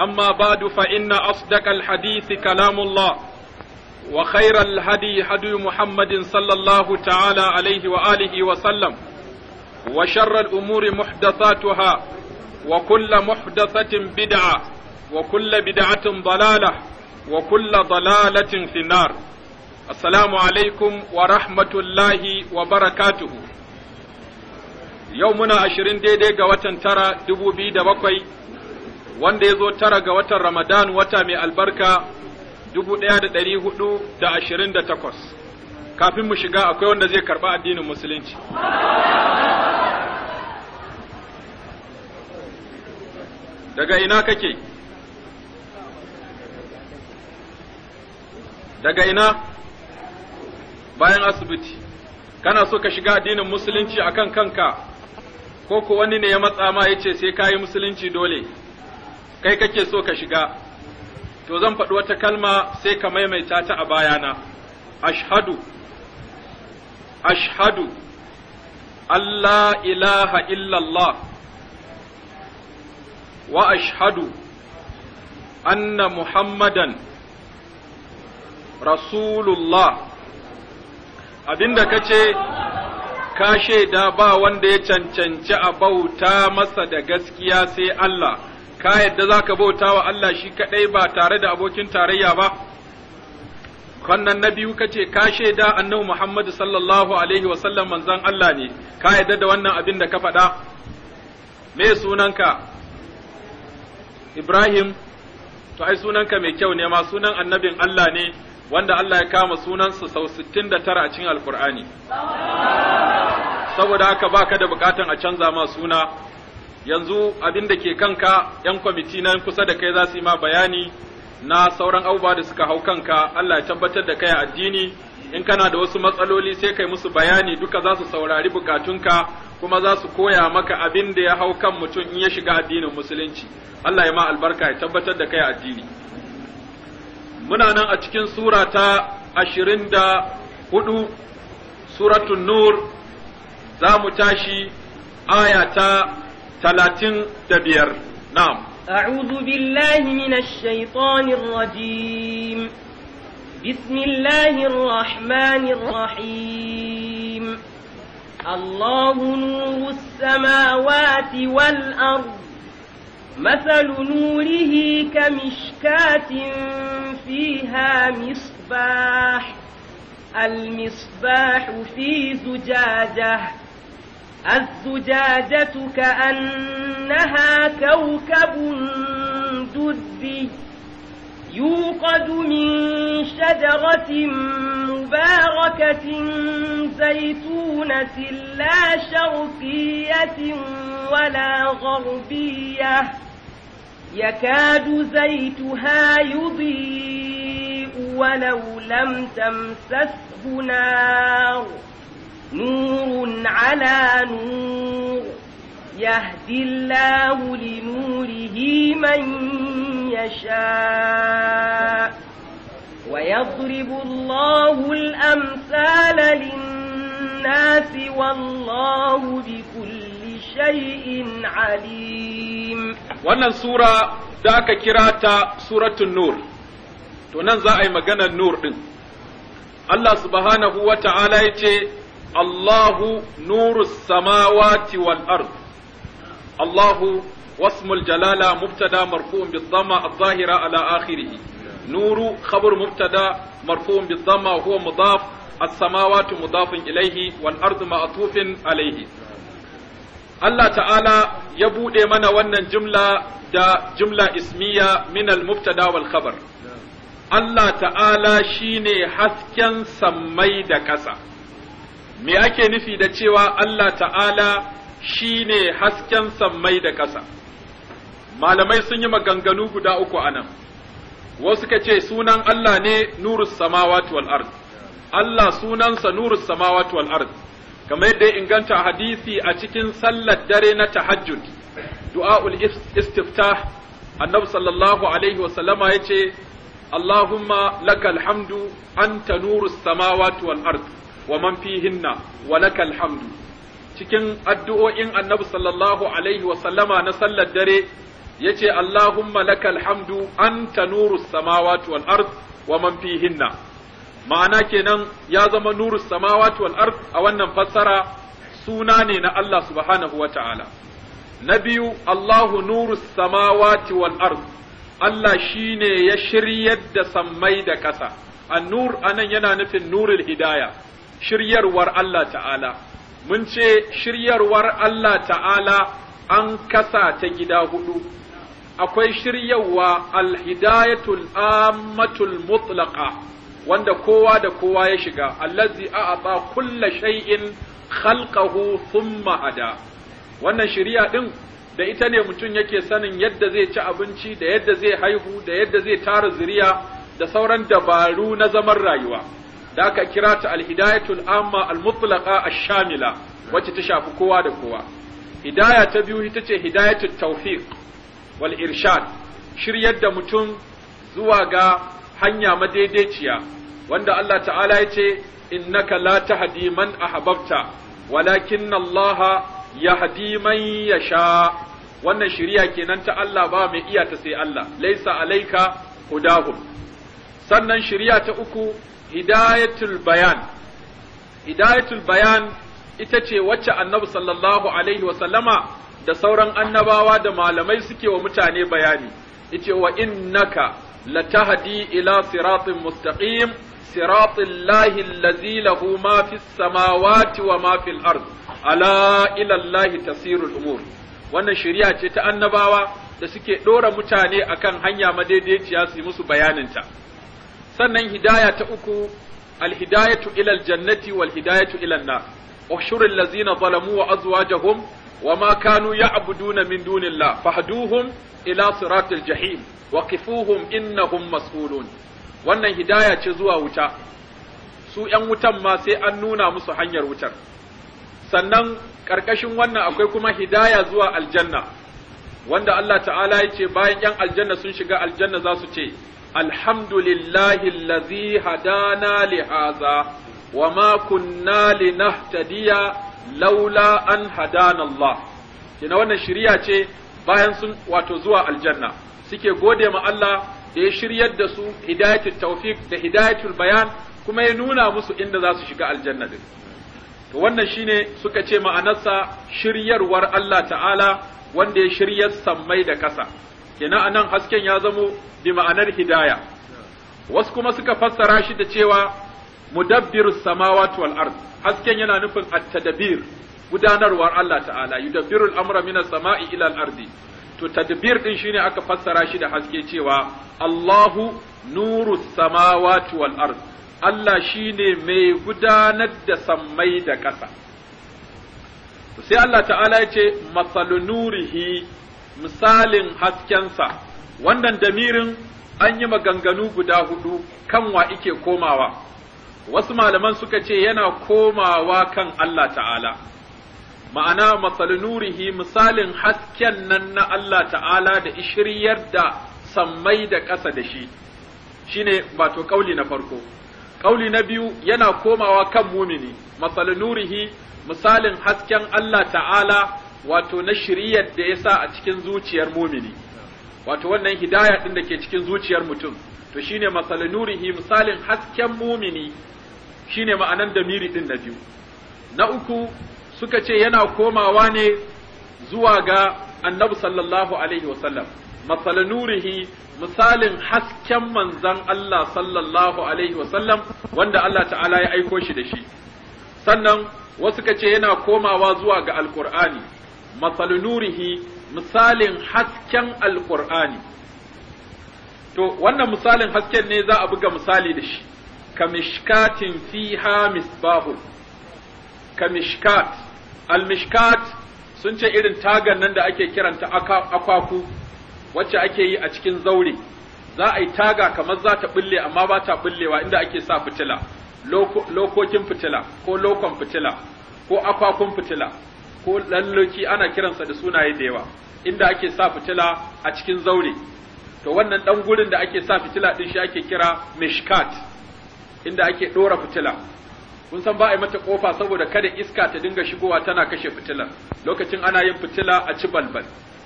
أما بعد فإن أصدق الحديث كلام الله وخير الهدي هدي محمد صلى الله تعالى عليه وآله وسلم وشر الأمور محدثاتها وكل محدثة بدعة وكل بدعة ضلالة وكل ضلالة في النار السلام عليكم ورحمة الله وبركاته يومنا عشرين ديدي قوة ترى دبو بيد بقوي wanda ya zo tara ga watan Ramadan wata mai albarka dubu ɗaya da ɗari hudu da ashirin da takwas. Kafin mu shiga akwai wanda zai karɓa addinin Musulunci. Daga ina kake? Daga ina? Bayan asibiti, kana so ka shiga addinin Musulunci akan kanka, ko ko wani ne ya matsa ma ya ce sai ka Musulunci dole. kai kake so ka shiga to zan faɗi wata kalma sai ka maimaita ta a bayana ashhadu ashhadu Allah ilaha illallah wa ashhadu anna muhammadan rasulullah abinda kace ka shaida ba wanda ya cancanci a bauta masa da gaskiya sai Allah ka yadda za ka bauta wa Allah shi kaɗai ba tare da abokin tarayya ba, wannan na biyu ka ce ka shaida annabi Muhammadu sallallahu Alaihi wasallam manzan Allah ne, ka yadda da wannan abin da ka faɗa, me sunanka, Ibrahim, to ai sunanka mai kyau ne ma sunan annabin Allah ne wanda Allah ya kama sunansa sau sittin da tara a cikin Alkur'ani. Saboda haka baka da bukatan a canza ma suna yanzu abin da ke kanka ‘yan kwamiti na kusa da kai za su yi ma bayani na sauran abubuwa da suka hau kanka Allah ya tabbatar da kai a addini in kana da wasu matsaloli sai kai musu bayani duka za su saurari bukatunka kuma za su koya maka abin da ya hau kan mutum in ya shiga addinin musulunci Allah ya ma albarka ya tabbatar da kai a addini muna nan a cikin sura ta ashirin da hudu suratun nur za mu tashi aya ta talatin da نعم أعوذ بالله من الشيطان الرجيم بسم الله الرحمن الرحيم الله نور السماوات والأرض مثل نوره كمشكاة فيها مصباح المصباح في زجاجه الزجاجة كأنها كوكب دري يوقد من شجرة مباركة زيتونة لا شرقية ولا غربية يكاد زيتها يضيء ولو لم تمسسه نار نور على نور يهدي الله لنوره من يشاء ويضرب الله الأمثال للناس والله بكل شيء عليم wannan sura da aka kira ta suratun nur to nan za a yi maganar nur ɗin Allah subhanahu wa ce Allahu nuru samawati wal ard Allahu واسم الجلالة مبتدا مرفوع بالضمة الظاهرة على آخره نور خبر مبتدا مرفوع بالضمة وهو مضاف السماوات مضاف إليه والأرض معطوف عليه الله تعالى يبود من ون جملة دا جملة اسمية من المبتدا والخبر الله تعالى شيني حسكن سمي دا كسا me ake nufi da cewa Allah ta'ala shi ne hasken sammai da ƙasa malamai sun yi maganganu guda uku a nan wasu ka ce sunan Allah ne nurus samawati wal ard Allah sunansa nurus samawati wal ard kamar yadda ya inganta hadisi a cikin sallar dare na tahajjud du'aul istiftah annabi sallallahu alaihi wa sallama yace Allahumma lakal hamdu anta nurus samawati wal ard wa man fihinna wa lakal hamdu cikin addu'o'in annabi sallallahu alaihi wa sallama na sallar dare yace Allahumma lakal hamdu anta nurus samawati wal ard wa man fihinna ma'ana kenan ya zama nurus samawati wal ard a wannan fassara suna ne na Allah subhanahu wa ta'ala na biyu Allahu nurus samawati wal ard Allah shine ya shiryar da sammai da ƙasa an-nur anan yana nufin nurul hidayah shiryarwar Allah ta'ala mun ce shiryarwar Allah ta'ala an kasa ta gida hudu akwai shiryarwa alhidayatul ammatul mutlaqa wanda kowa da kowa ya shiga allazi a'ata kulla shay'in khalqahu thumma hada wannan shiriya ɗin da ita ne mutum yake sanin yadda zai ci abinci da yadda zai haihu da yadda zai tara zuriya da sauran dabaru na zaman rayuwa da aka kira ta alhidayatul amma almutlaqa ash-shamila wacce ta shafi kowa da kowa hidaya ta biyu ita ce hidayatul tawfiq wal irshad shiryar da mutum zuwa ga hanya madaidaiciya wanda Allah ta'ala ya ce innaka la tahdi man ahbabta walakin Allah yahdi man yasha wannan shiriya kenan ta Allah ba mai iya ta sai Allah laisa alaika hudahum sannan shiriya ta uku hidayatul bayan hidayatul bayan ita ce wacce annabi sallallahu alaihi wa sallama da sauran annabawa da malamai suke wa mutane bayani yace wa innaka latahdi ila siratin mustaqim siratin lahi allazi lahu ma fis samawati wa ma fil ard ala ila allahi tasirul umur wannan shari'a ce ta annabawa da suke dora mutane akan hanya madaidaiciya su yi musu bayaninta ta sannan hidaya ta uku alhidayatu ilal jannati, wal hidayatu ila nar ushur allazina zalamu wa azwajahum wa ma kanu ya'buduna min dunillah fahduhum ila siratil jahim waqifuhum innahum mas'ulun wannan hidaya ce zuwa wuta su ‘yan wutan ma sai an nuna musu hanyar wutar, sannan ƙarƙashin wannan akwai kuma hidaya zuwa aljanna, wanda Allah ta'ala ya ce bayan ‘yan aljanna sun shiga aljanna za su ce, alhamdulillahi allazi hadana li hadha wa ma kunna linahtadiya laula an hadana kina wannan shirya ce bayan sun wato zuwa aljanna suke gode ma Allah da ya shiryar da su hidayatul tawfiq da hidayatul bayan kuma ya nuna musu inda za su shiga aljanna din to wannan shine suka ce ma'anarsa shiryarwar Allah ta'ala wanda ya shiryar sammai da ƙasa kenan anan hasken ya zamo bi ma'anar hidaya wasu kuma suka fassara shi da cewa mudabbir samawati wal ard hasken yana nufin at-tadbir gudanarwar Allah ta'ala yudabbirul amra minas sama'i ila al-ardi to tadbir din shine aka fassara shi da haske cewa Allahu nuru samawati wal ard Allah shine mai gudanar da sammai da ƙasa sai Allah ta'ala ya ce masalu nurihi misalin haskensa wannan damirin an yi maganganu guda hudu kan wa ike komawa wasu malaman suka ce yana komawa kan Allah ta'ala ma'ana matsal nurihi misalin hasken nan na Allah ta'ala da ishiryar da sammai da ƙasa da shi shi shine wato ƙauli na farko Ƙauli na biyu yana komawa kan mumini matsal nurihi misalin hasken Allah ta'ala wato na shiriyar da ya sa a cikin zuciyar mumini wato wannan hidaya ɗin da ke cikin zuciyar mutum to shine masal nurihi misalin hasken mumini shine ma'anan miri ɗin na biyu na uku suka ce yana komawa ne zuwa ga annabi sallallahu alaihi wasallam masal nurihi misalin hasken manzan Allah sallallahu alaihi wasallam wanda Allah ta'ala ya aiko shi da shi sannan wasu ka ce yana komawa zuwa ga alkur'ani masalu misalin hasken alkur'ani to wannan misalin hasken ne za a buga misali da shi kamishkatin fiha misbahul kamishkat almishkat sun ce irin tagan nan da ake kiranta akwaku wacce ake yi a cikin zaure za a yi taga kamar za ta bulle amma ba ta bullewa inda ake sa fitila lokokin fitila ko lokon fitila ko akwakun fitila ko lalloki ana kiransa da sunaye da yawa inda ake sa fitila a cikin zaure to wannan dan gurin da ake sa fitila din shi ake kira mishkat inda ake dora fitila kun san ba a yi mata kofa saboda kada iska ta dinga shigowa tana kashe fitilan. lokacin ana yin fitila a ci balbal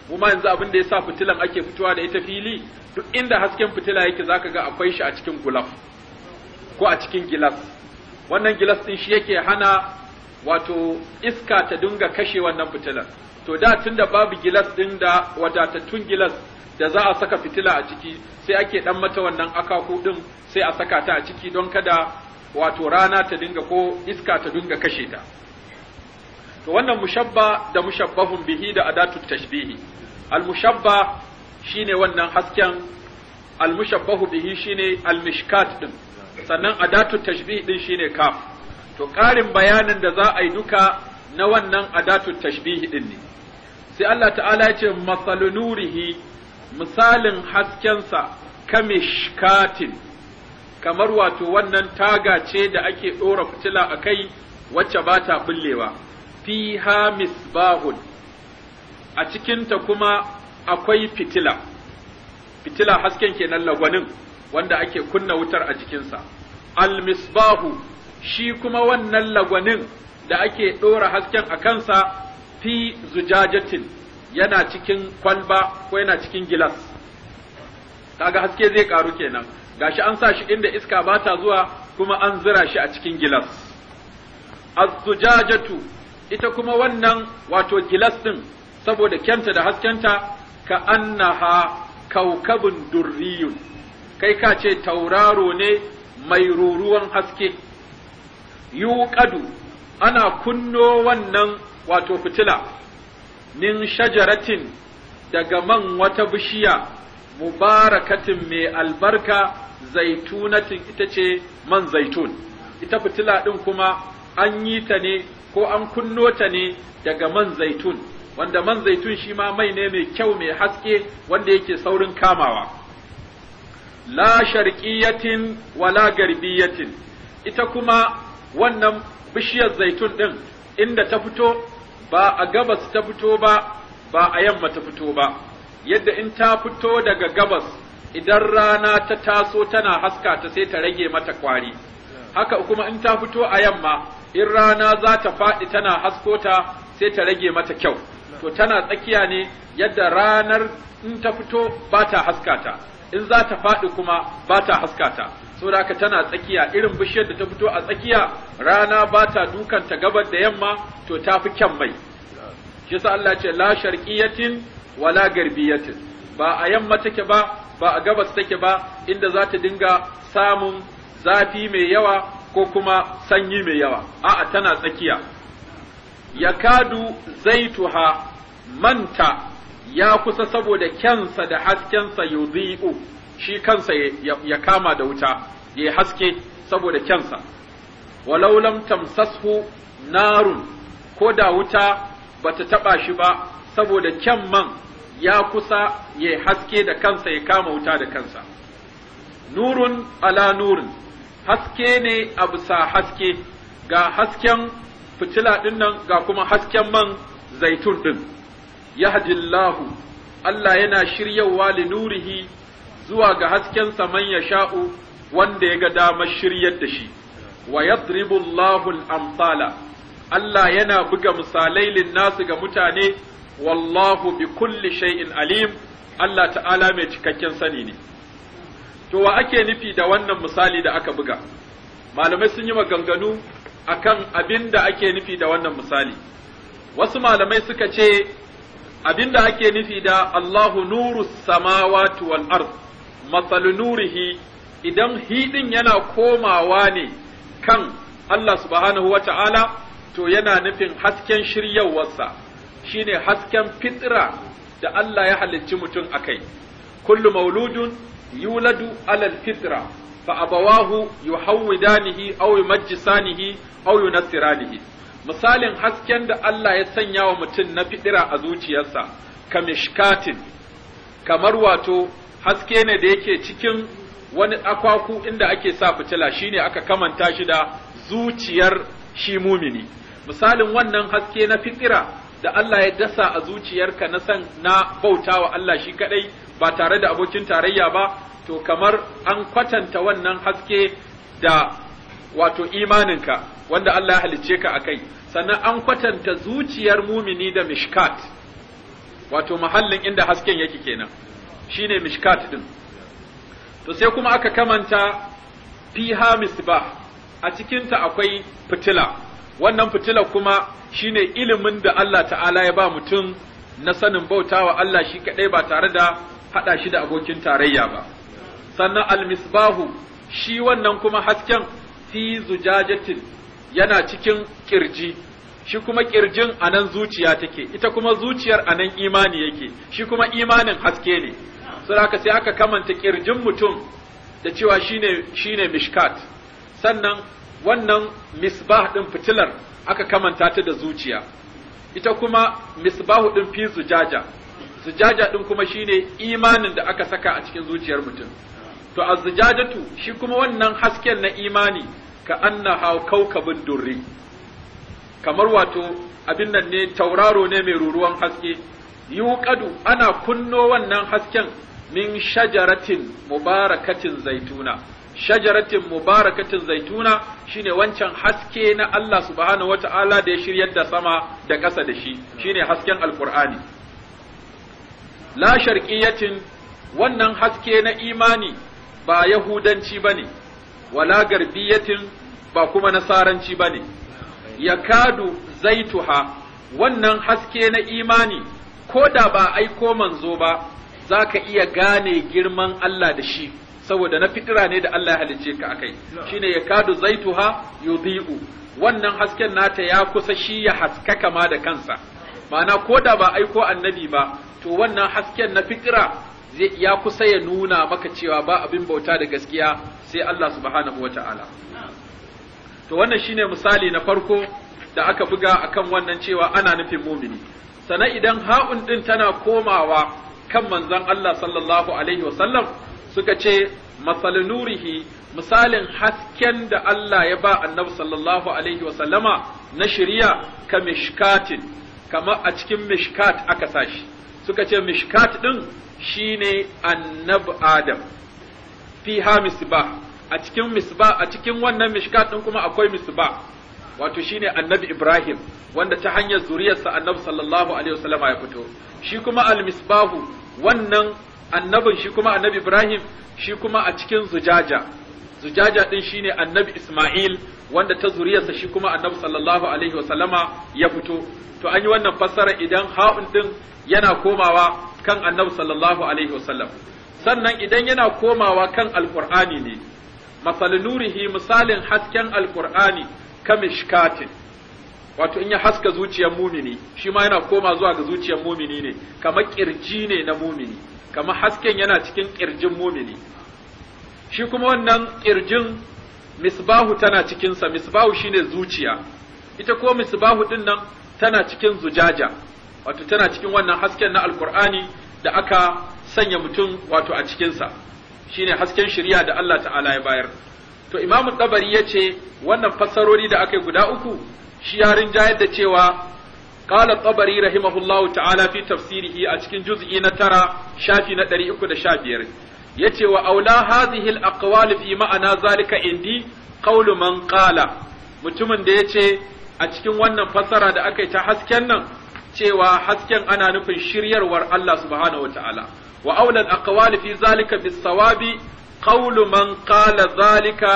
kuma yanzu abin da ya sa fitilan ake fitowa da ita fili duk inda hasken fitila yake zaka ga akwai shi a cikin gulaf ko a cikin gilas wannan gilas din shi yake hana wato iska ta dinga kashe wannan fitilar to da tunda babu gilas din da wadatattun gilas da za a saka fitila a ciki sai ake ɗan mata wannan akaku din sai a saka ta a ciki don kada wato rana ta dinga ko iska ta dinga kashe ta to wannan mushabba da mushabbahun bihi da adatu tashbihi al mushabba shine wannan hasken al mushabbahu bihi shine al mishkat din sannan adatu tashbihi din shine kaf to ƙarin bayanin da za a yi duka na wannan adatun tashbihi ɗin ne sai Allah ta'ala ya ce masalu nurihi misalin haskensa kamishkatin kamar wato wannan taga ce da ake ɗora fitila a kai wacce ba ta bullewa fiha misbahun a cikinta kuma akwai fitila fitila hasken kenan lagwanin wanda ake kunna wutar a jikinsa al misbahu shi kuma wannan lagwanin da ake ɗora hasken a kansa fi zujajatin yana cikin kwalba ko yana cikin gilas kaga haske zai ƙaru kenan Ga shi an sa shi inda iska ba ta zuwa kuma an zira shi a cikin gilas A zujajatu ita kuma wannan wato gilas ɗin saboda kyanta da haskenta ka annaha kaukabin durriyun kai ka ce tauraro ne mai ruruwan haske yuqadu ana kunno wannan wato fitila min shajaratin daga man wata bishiya mubarakatin mai albarka zaitunatin ita ce man zaitun ita fitila ɗin kuma an yi ta ne ko an kunno ta ne daga man zaitun wanda man zaitun shi ma mai ne mai kyau mai haske wanda yake saurin kamawa la sharqiyatin wala garbiyatin ita kuma wannan bishiyar zaitun ɗin inda ta fito ba a gabas ta fito ba ba a yamma ta fito ba yadda in ta fito daga gabas idan rana ta taso tana haska ta sai ta rage mata kwari haka kuma in ta fito a yamma in rana za ta faɗi tana hasko ta sai ta rage mata kyau to tana tsakiya ne yadda ranar in ta fito ba ta haskata in za ta faɗi kuma ba ta haskata saboda haka tana tsakiya irin bishiyar da ta fito a tsakiya rana ba ta dukan ta gabar da yamma to ta fi kyan mai shi sa Allah ce la sharqiyatin wala garbiyatin ba a yamma take ba ba a gabas take ba inda za ta dinga samun zafi mai yawa ko kuma sanyi mai yawa a'a tana tsakiya yakadu zaituha manta ya kusa saboda kyansa da haskensa yudhi'u shi kansa ya kama da wuta ya haske saboda kyansa walau lam tamsashu narun ko da wuta ba ta taba shi ba saboda kyan man ya kusa ya haske da kansa ya kama wuta da kansa nurun ala nurin haske ne a bisa haske ga hasken fitila ɗin nan ga kuma hasken man zaitun ɗin, Yahdillahu Allah yana shiryawa li nurihi zuwa ga hasken saman ya sha'u wanda ya ga damar shiryar da shi wa yadribu amsala Allah yana buga misalai nasu ga mutane wallahu bi kulli shay'in alim Allah ta'ala mai cikakken sani ne to wa ake nufi da wannan misali da aka buga malamai sun yi maganganu akan abin da ake nufi da wannan misali wasu malamai suka ce abin da ake nufi da Allahu nuru samawati wal ardh matsalu idan hidin yana komawa ne kan Allah subhanahu wa ta'ala to yana nufin hasken shiryawarsa shine hasken fitira da Allah ya halicci mutum a kai, kullu mauludun yuladu alal fitra fa abawahu yuhawwidanihi aw yumajjisanihi aw yunassiranihi misalin hasken da Allah ya sanya wa mutum na fitira a zuciyarsa kamishkatin kamar wato haske ne da yake cikin wani akwaku inda ake sa fitila shine aka kamanta shi da zuciyar shi mumini misalin wannan haske na fitira da Allah ya dasa a zuciyarka na san na bautawa Allah shi kadai ba tare da abokin tarayya ba to kamar an kwatanta wannan haske da wato imaninka wanda Allah ya halicce ka a kai sannan an kwatanta zuciyar mumini da mishkat wato mahallin inda hasken yake kenan shine mishkat din to sai kuma aka kamanta fiha misbah a cikinta akwai fitila wannan fitila kuma shine ilimin da Allah ta'ala ya ba mutum na sanin bautawa Allah shi kadai ba tare da hada shi da abokin tarayya ba sannan al almisbahu shi wannan kuma hasken fi zujajatin yana cikin kirji shi kuma kirjin anan zuciya take ita kuma zuciyar anan imani yake shi kuma imanin haske ne saraka sai aka kamanta kirjin mutum da cewa shine shine mishkat sannan wannan misbah din fitilar aka kamanta ta da zuciya ita kuma misbahu din fi zujaja zujaja din kuma shine imanin da aka saka a cikin zuciyar mutum to azzujajatu shi kuma wannan hasken na imani ka annaha kaukabin durri kamar wato abin nan ne tauraro ne mai ruruwan haske yuqadu ana kunno wannan hasken min shajaratin mubarakatin zaituna shajaratin mubarakatin zaituna shine wancan haske na Allah subhanahu wata'ala da ya shiryar da sama da ƙasa da shi shine hasken alqur'ani la sharqiyatin wannan haske na imani ba yahudanci bane wala garbiyatin ba kuma nasaranci bane yakadu zaituha wannan haske na imani ko da ba aiko manzo ba za ka iya gane girman Allah da shi saboda na fitira ne da Allah ya halice ka akai shine ya kadu zaituha yudhi'u wannan hasken nata ya kusa shi ya haskaka ma da kansa ma'ana ko da ba aiko annabi ba to wannan hasken na fitira ya kusa ya nuna maka cewa ba abin bauta da gaskiya sai Allah subhanahu wata'ala to wannan shine misali na farko da aka buga akan wannan cewa ana nufin mumini sana idan ha'un din tana komawa kan manzon Allah sallallahu alaihi wasallam suka ce masal nurihi misalin hasken da Allah ya ba annabi sallallahu alaihi wasallama na shari'a ka mishkatin Kamar a cikin mishkat aka sashi suka ce mishkat din shine annabi adam fiha misbah a cikin misbah a cikin wannan mishkat din kuma akwai misbah wato shine annabi Ibrahim wanda ta hanyar zuriyarsa annabi sallallahu alaihi wasallam ya fito shi kuma al wannan annabin shi kuma annabi Ibrahim shi kuma a cikin zujaja zujaja din shine annabi Isma'il wanda ta zuriyarsa shi kuma annabi sallallahu alaihi wasallama ya fito to an yi wannan fassara idan ha'un din yana komawa kan annabi sallallahu alaihi wasallam sannan idan yana komawa kan alqur'ani ne masal nurihi misalin hasken alqur'ani kamishkatin wato in ya haska zuciyar mumini shi ma yana koma zuwa ga zuciyar mumini ne kamar kirji ne na mumini kamar hasken yana cikin kirjin mumini shi kuma wannan kirjin misbahu tana cikinsa misbahu shine zuciya ita ko misbahu din nan tana cikin zujaja wato tana cikin wannan hasken na alkur'ani da aka sanya mutum wato a cikinsa shine hasken shari'a da Allah ta'ala ya bayar to imamu tabari ya ce wannan fassarori da aka yi guda uku shi ya rinjayar da cewa qala tabari rahimahullahu ta'ala fi tafsirihi a cikin juz'i na tara shafi na ɗari uku sha 315 yace wa aula hazihil al-aqwal fi ma'ana zalika indi qawlu man qala mutumin da ya ce a cikin wannan fassara da aka yi ta hasken nan cewa hasken ana nufin shiryarwar Allah subhanahu wa ta'ala, wa aulal aqwali fi zalika bis sawabi qawlu man qala zalika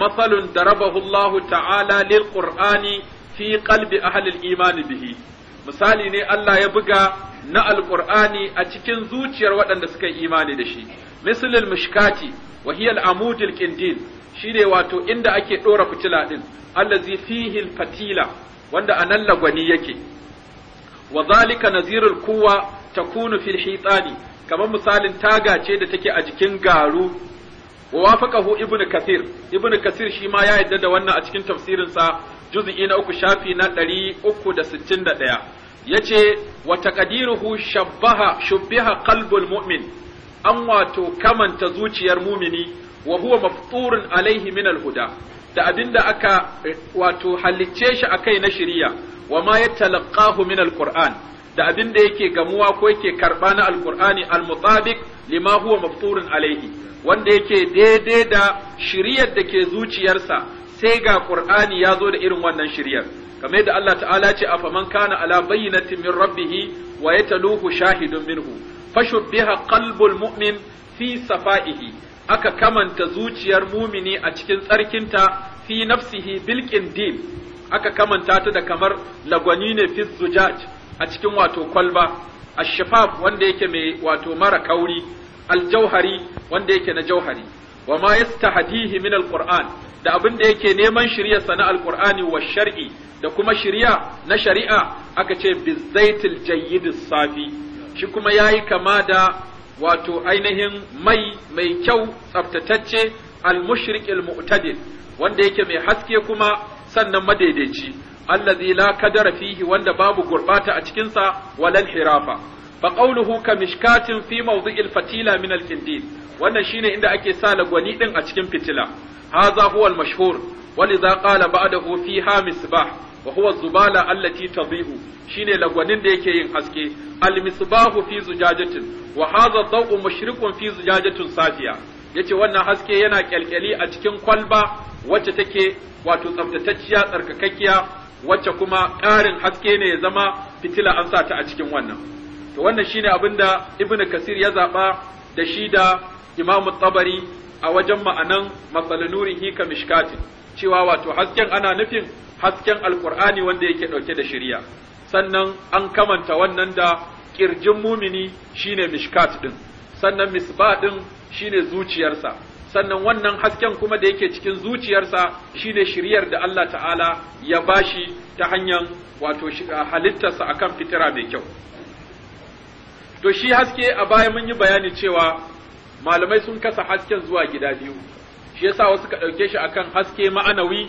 mathalun darabahu Allah ta'ala lil qur'ani fi ƙalbi a halin iman bihi misali ne Allah ya buga na alƙur'ani a cikin zuciyar waɗanda suka yi imani da shi mislil mishkati wa hiya al-amud al-qindil shine wato inda ake dora fitila din allazi fihi al-fatila wanda a nan lagwani yake wa zalika nazirul kuwa takunu fil hitani kamar misalin taga ce da take a jikin garu wafaqahu ibnu kasir ibnu kasir shi ma ya yadda da wannan a cikin tafsirin sa juz'i na uku shafi na da da sittin 361 yace wa taqdiruhu shabbaha shubbiha qalbul mu'min an wato kamanta zuciyar mumini wahuwa huwa alaihi min alhuda da abinda aka wato halicce shi a kai na shari'a wa ma yatalaqahu min alquran da abinda yake gamuwa ko yake karba na al almutabiq lima huwa mafturun alaihi wanda yake daidai da shiryar da ke zuciyarsa sai ga Qur'ani ya zo da irin wannan shiryar kamar yadda Allah ta'ala ce a faman kana ala bayyinatin min rabbih wa yataluhu shahidun minhu fashubbiha qalbul mu'min fi safa'ihi aka kamanta zuciyar mumini a cikin tsarkinta fi nafsihi bilkin din aka kamanta ta da kamar lagwani ne fi zujaj a cikin wato kwalba الشفاف wanda yake mai wato mara kauri aljauhari wanda yake na jauhari wa ma yastahdihi min alquran da abin da yake neman shirya sana alqurani wa shar'i da kuma shirya na shari'a aka ce bizaitil jayyid safi shi kuma yayi kama da wato ainihin mai mai kyau tsaftatacce almushriq mu'tadil wanda yake mai haske kuma sannan madaidaici allazi la kadara fihi wanda babu gurbata a cikin sa walal hirafa fa qawluhu ka mishkatin fi mawdi'il fatila min al-kindil wannan shine inda ake sa lagwani din a cikin fitila hadha huwa al-mashhur walidha qala ba'dahu fiha misbah wa huwa zubala allati tadhi'u shine lagwanin da yake yin haske al-misbahu fi zujajatin wa hadha daw'u mushrikun fi zujajatin safiya yace wannan haske yana kyalkyali a cikin kwalba wacce take wato tsaftatacciya tsarkakakkiya wacce kuma ƙarin haske ne ya zama fitila an sa ta a cikin wannan to wannan shine abin da ibnu kasir ya zaɓa da shi da imamu tabari a wajen ma'anan matsalanurihi hika mishkatin cewa wato hasken ana nufin hasken alkur'ani wanda yake ɗauke da shirya sannan an kamanta wannan da ƙirjin mumini shine mishkat ɗin sannan misba ɗin shine zuciyarsa sannan wannan hasken kuma da yake cikin zuciyarsa shine shiryar da Allah ta'ala ya ba shi ta hanyar wato halittarsa akan fitira mai kyau to shi haske a baya mun yi bayani cewa malamai sun kasa hasken zuwa gida biyu shi yasa wasu ka ɗauke shi akan haske ma'anawi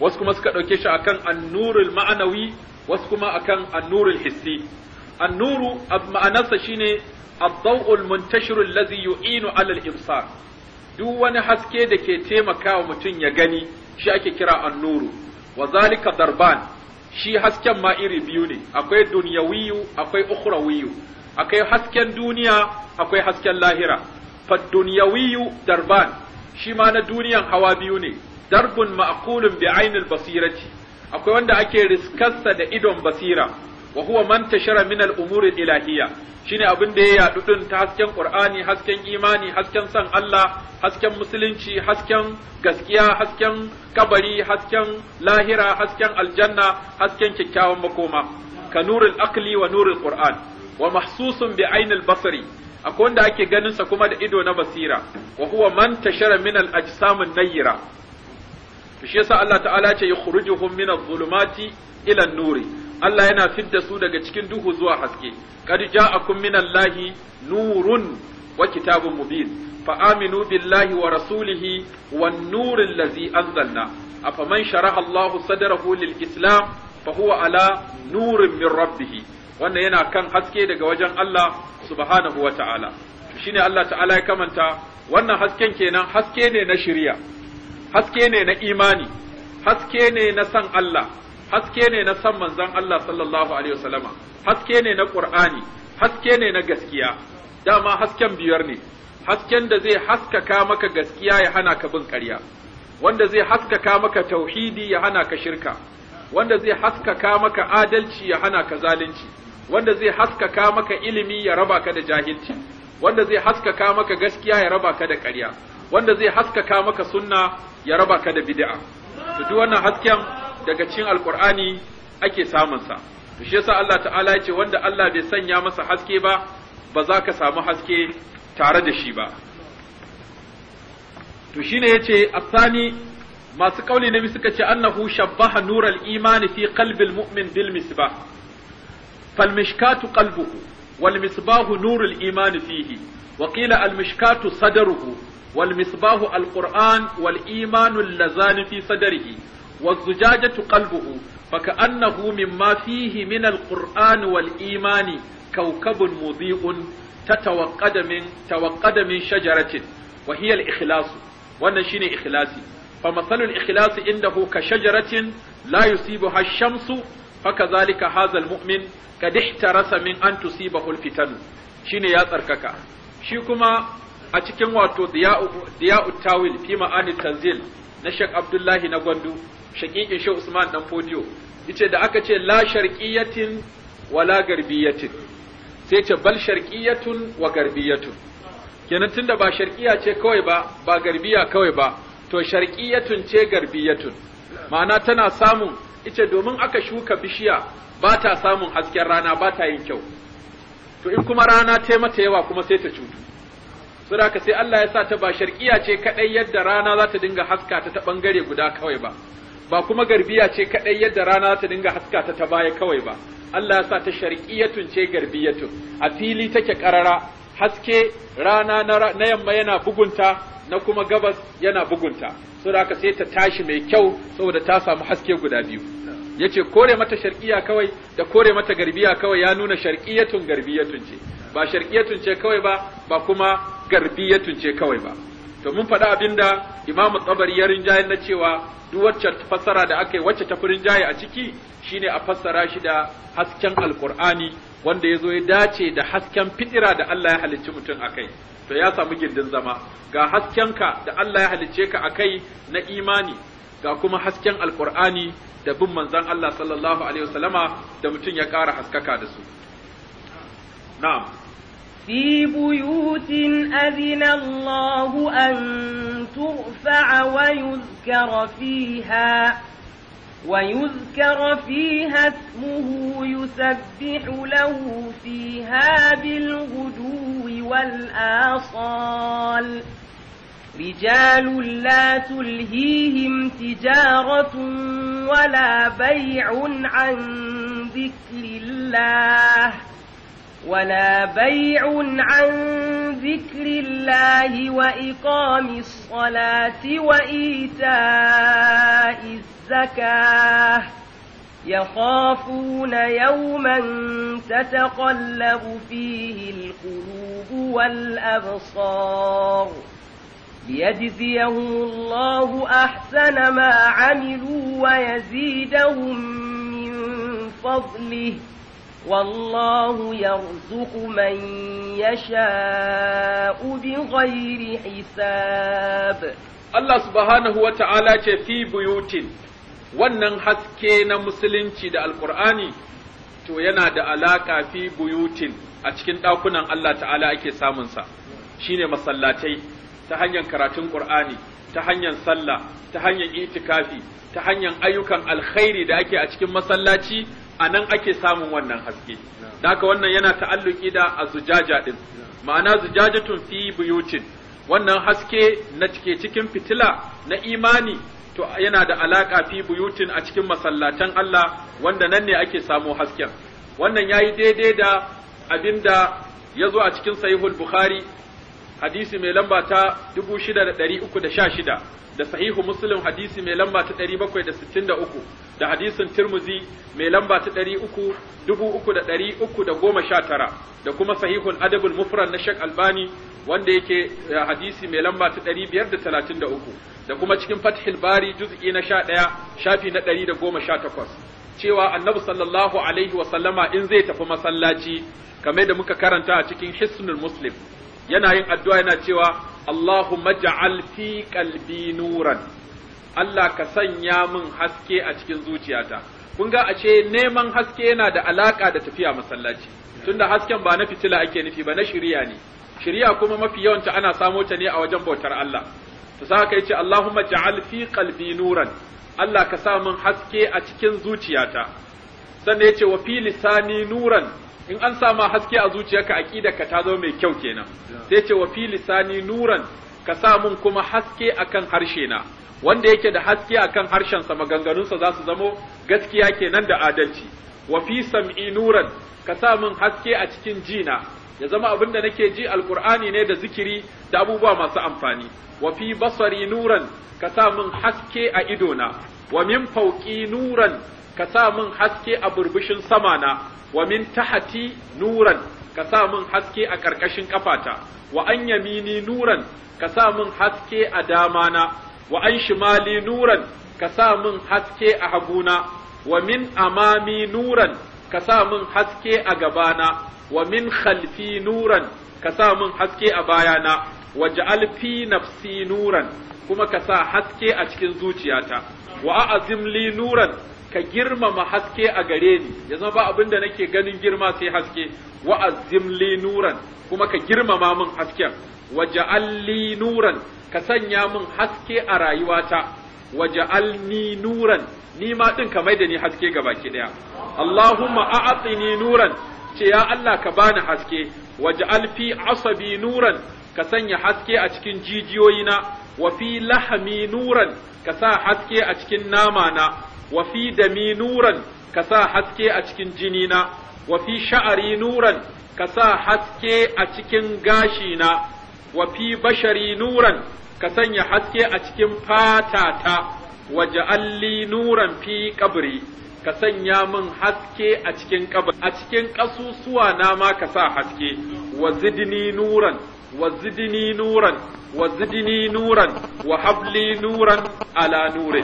wasu kuma suka ɗauke shi akan annurul ma'anawi wasu kuma akan annurul hissi annuru ma'anarsa shine الضوء المنتشر الذي يعين على الإبصار duk wani haske da ke taimakawa mutum ya gani shi ake kira annuru wa zalika darban shi hasken ma iri biyu ne akwai dunyawiyu akwai ukhrawiyu akwai hasken duniya akwai hasken lahira fa dunyawiyu darban shi ma na duniyan hawa biyu ne darbun ma'qulun bi ainil basirati akwai wanda ake riskarsa da idon basira wa huwa man tashara min al-umuri ilahiyya shine abin da ya yadu din ta hasken Qur'ani hasken imani hasken san Allah hasken musulunci hasken gaskiya hasken kabari hasken lahira hasken aljanna hasken kyakkyawan makoma ka nurul aqli wa nurul Qur'an wa mahsusun bi ainil basari akwai wanda ake ganin sa kuma da ido na basira wa huwa man tashara min al-ajsam nayyira shi yasa Allah ta'ala ce yukhrijuhum min adh-dhulumati ila an-nuri Allah yana fidda su daga cikin duhu zuwa haske qad ja'akum minallahi nurun wa kitabun mubin fa'aminu billahi wa rasulihi wan nuril ladzi anzalna afaman sharaha Allahu sadrahu lil islam fa huwa ala nurin min rabbih wannan yana kan haske daga wajen Allah subhanahu wa ta'ala shine Allah ta'ala ya kamanta wannan hasken kenan haske ne na shirya, haske ne na imani haske ne na san Allah haske ne na san manzon Allah sallallahu alaihi wasallama haske ne na Qur'ani haske ne na gaskiya dama hasken biyar ne hasken da zai haskaka maka gaskiya ya hana ka bin ƙarya wanda zai haskaka maka tauhidi ya hana ka shirka wanda zai haskaka maka adalci ya hana ka zalunci wanda zai haskaka maka ilimi ya raba ka da jahilci wanda zai haskaka maka gaskiya ya raba ka da ƙarya wanda zai haskaka maka sunna ya raba ka da bid'a to duk wannan hasken daga cikin alkur'ani ake samunsa to shi yasa Allah ta'ala ya ce wanda Allah bai sanya masa haske ba ba za ka samu haske tare da shi ba to shine yace asani masu kauli nabi suka ce annahu shabbaha nural imani fi qalbil mu'min bil misbah fal mishkatu qalbuhu wal misbahu nurul imani fihi wa qila al mishkatu sadruhu wal misbahu al qur'an wal imanu allazani fi sadrihi والزجاجة قلبه فكأنه مما فيه من القرآن والإيمان كوكب مضيء تتوقد من توقد من شجرة وهي الإخلاص ونشين إخلاصي فمثل الإخلاص عنده كشجرة لا يصيبها الشمس فكذلك هذا المؤمن قد احترس من أن تصيبه الفتن شين يا تركك شيكما أتكن واتو ضياء ضياء التاويل في معاني التنزيل na Sheikh Abdullahi na Gwandu shaƙiƙin shi Usman dan Fodiyo yace da aka ce la sharqiyatin wala garbiyatin sai ce bal sharqiyatun wa garbiyatun kenan tunda ba sharqiya ce kawai ba ba garbiya kawai ba to sharqiyatun ce garbiyatun ma'ana tana samun ice domin aka shuka bishiya ba ta samun hasken rana ba ta yin kyau to in kuma rana ta mata yawa kuma sai ta cutu aka sai Allah ya sa ta ba sharqiya ce kaɗai yadda rana za ta dinga haska ta ta bangare guda kawai ba ba kuma garbiya ce kadai yadda rana ta dinga haska ta ta baya kawai ba Allah ya sa ta sharqiyatun ce garbiyatun a fili take karara haske rana na yamma yana bugunta na kuma gabas yana bugunta saboda haka sai ta tashi mai kyau saboda ta samu haske guda biyu yace kore mata sharqiya kawai da kore mata garbiya kawai ya nuna sharqiyatun garbiyatun ce ba sharqiyatun ce kawai ba ba kuma garbiyatun ce kawai ba to mun faɗa abinda imamu tsabari ya rinjaye na cewa duk wacce fassara da aka yi wacce ta rinjaye a ciki shine a fassara shi da hasken alkur'ani wanda ya zo ya dace da hasken fitira da Allah ya halicci mutum a kai to ya samu gindin zama ga haskenka da Allah ya halicce ka a kai na imani ga kuma hasken alkur'ani da bin manzon Allah sallallahu alaihi wasallama da mutum ya ƙara haskaka da su na'am في بيوت أذن الله أن ترفع ويذكر فيها ويذكر فيها اسمه يسبح له فيها بالغدو والآصال رجال لا تلهيهم تجارة ولا بيع عن ذكر الله ۖ ولا بيع عن ذكر الله وإقام الصلاة وإيتاء الزكاة يخافون يوما تتقلب فيه القلوب والأبصار ليجزيهم الله أحسن ما عملوا ويزيدهم من فضله والله يرزق من يشاء بغير حساب Allah سبحانه wa ta'ala ce fi buyutin wannan haske na musulunci da alkur'ani to yana da alaka fi buyutin a cikin ɗakunan Allah ta'ala ake samunsa shine masallatai ta hanyar karatun ƙur'ani ta hanyar sallah ta hanyar itikafi ta hanyar ayyukan alkhairi da ake a cikin masallaci a nan ake samun wannan haske daga wannan yana ta'alluki da zujaja ɗin. ma'ana zujajatun fi buyutin wannan haske na cike cikin fitila na imani to yana da alaka fi buyutin a cikin masallatan Allah wanda nan ne ake samu hasken wannan yayi daidai da abinda zo a cikin sahihul bukhari hadisi mai lamba ta 6316 da sahihu muslim hadisi mai lamba ta 763 da hadisin tirmuzi mai lamba ta 300,319 da kuma sahihun adabul mufran na shek albani wanda yake eh, hadisi mai lamba ta 533 da kuma cikin fathil bari juz'i na 11 shafi na 118 cewa annabi sallallahu alaihi wasallama in zai tafi masallaci kamar da muka karanta a cikin hisnul muslim yana yin addu'a yana cewa Allahumma ja'al fi qalbi nuran Allah ka sanya min haske a cikin zuciyata kun ga ashe neman haske yana da alaka da tafiya masallaci tunda hasken ba na fitila ake nufi ba na shiriya ne shiriya kuma mafi yawanta ana samo ta ne a wajen bautar Allah to sai ka ce Allahumma ja'al fi qalbi nuran Allah ka sa min haske a cikin zuciyata sannan yace wa fi lisani nuran in an sa haske a zuciyarka aqidarka ta zama mai kyau kenan sai ce wa lisani nuran ka sa mun kuma haske akan harshe na wanda yake da haske akan harshen sa maganganun sa zasu zamo gaskiya kenan da adalci wa fi sam'i nuran ka sa mun haske a cikin jina ya zama abin da nake ji alkur'ani ne da zikiri da abubuwa masu amfani wa fi basari nuran ka sa mun haske a idona wa min fauki nuran ka sa min haske a burbushin sama na wa min tahati nuran ka sa min haske a ƙarƙashin ƙafata wa an yamini nuran ka sa min haske a damana wa an shimali nuran ka sa min haske a haguna wa min amami nuran ka sa min haske a gabana wa min khalfi nuran ka sa min haske a bayana wa ja'al fi nafsi nuran kuma ka sa haske a cikin zuciyata wa a'azim li nuran ka girmama haske a gare ni ya zama ba abin da nake ganin girma sai haske wa azim nuran kuma ka girmama mun hasken wa ja'al nuran ka sanya mun haske a rayuwata wa ja'alni nuran ni ma din ka mai da ni haske ga baki daya Allahumma a'tini nuran ce ya Allah ka bani haske wa ja'al fi asabi nuran ka sanya haske a cikin jijiyoyina wa fi lahami nuran ka sa haske a cikin nama na wa fi dami nuran ka sa haske a cikin jini na wa fi sha'ari nuran ka sa haske a cikin gashi na wa fi bashari nuran ka sanya haske a cikin fatata wa ja'alli nuran fi kabri ka sanya min haske a cikin kabri a cikin ƙasusuwa na ma ka sa haske wa zidni nuran وزدني نورا وزدني نورا wa لي نورا على نور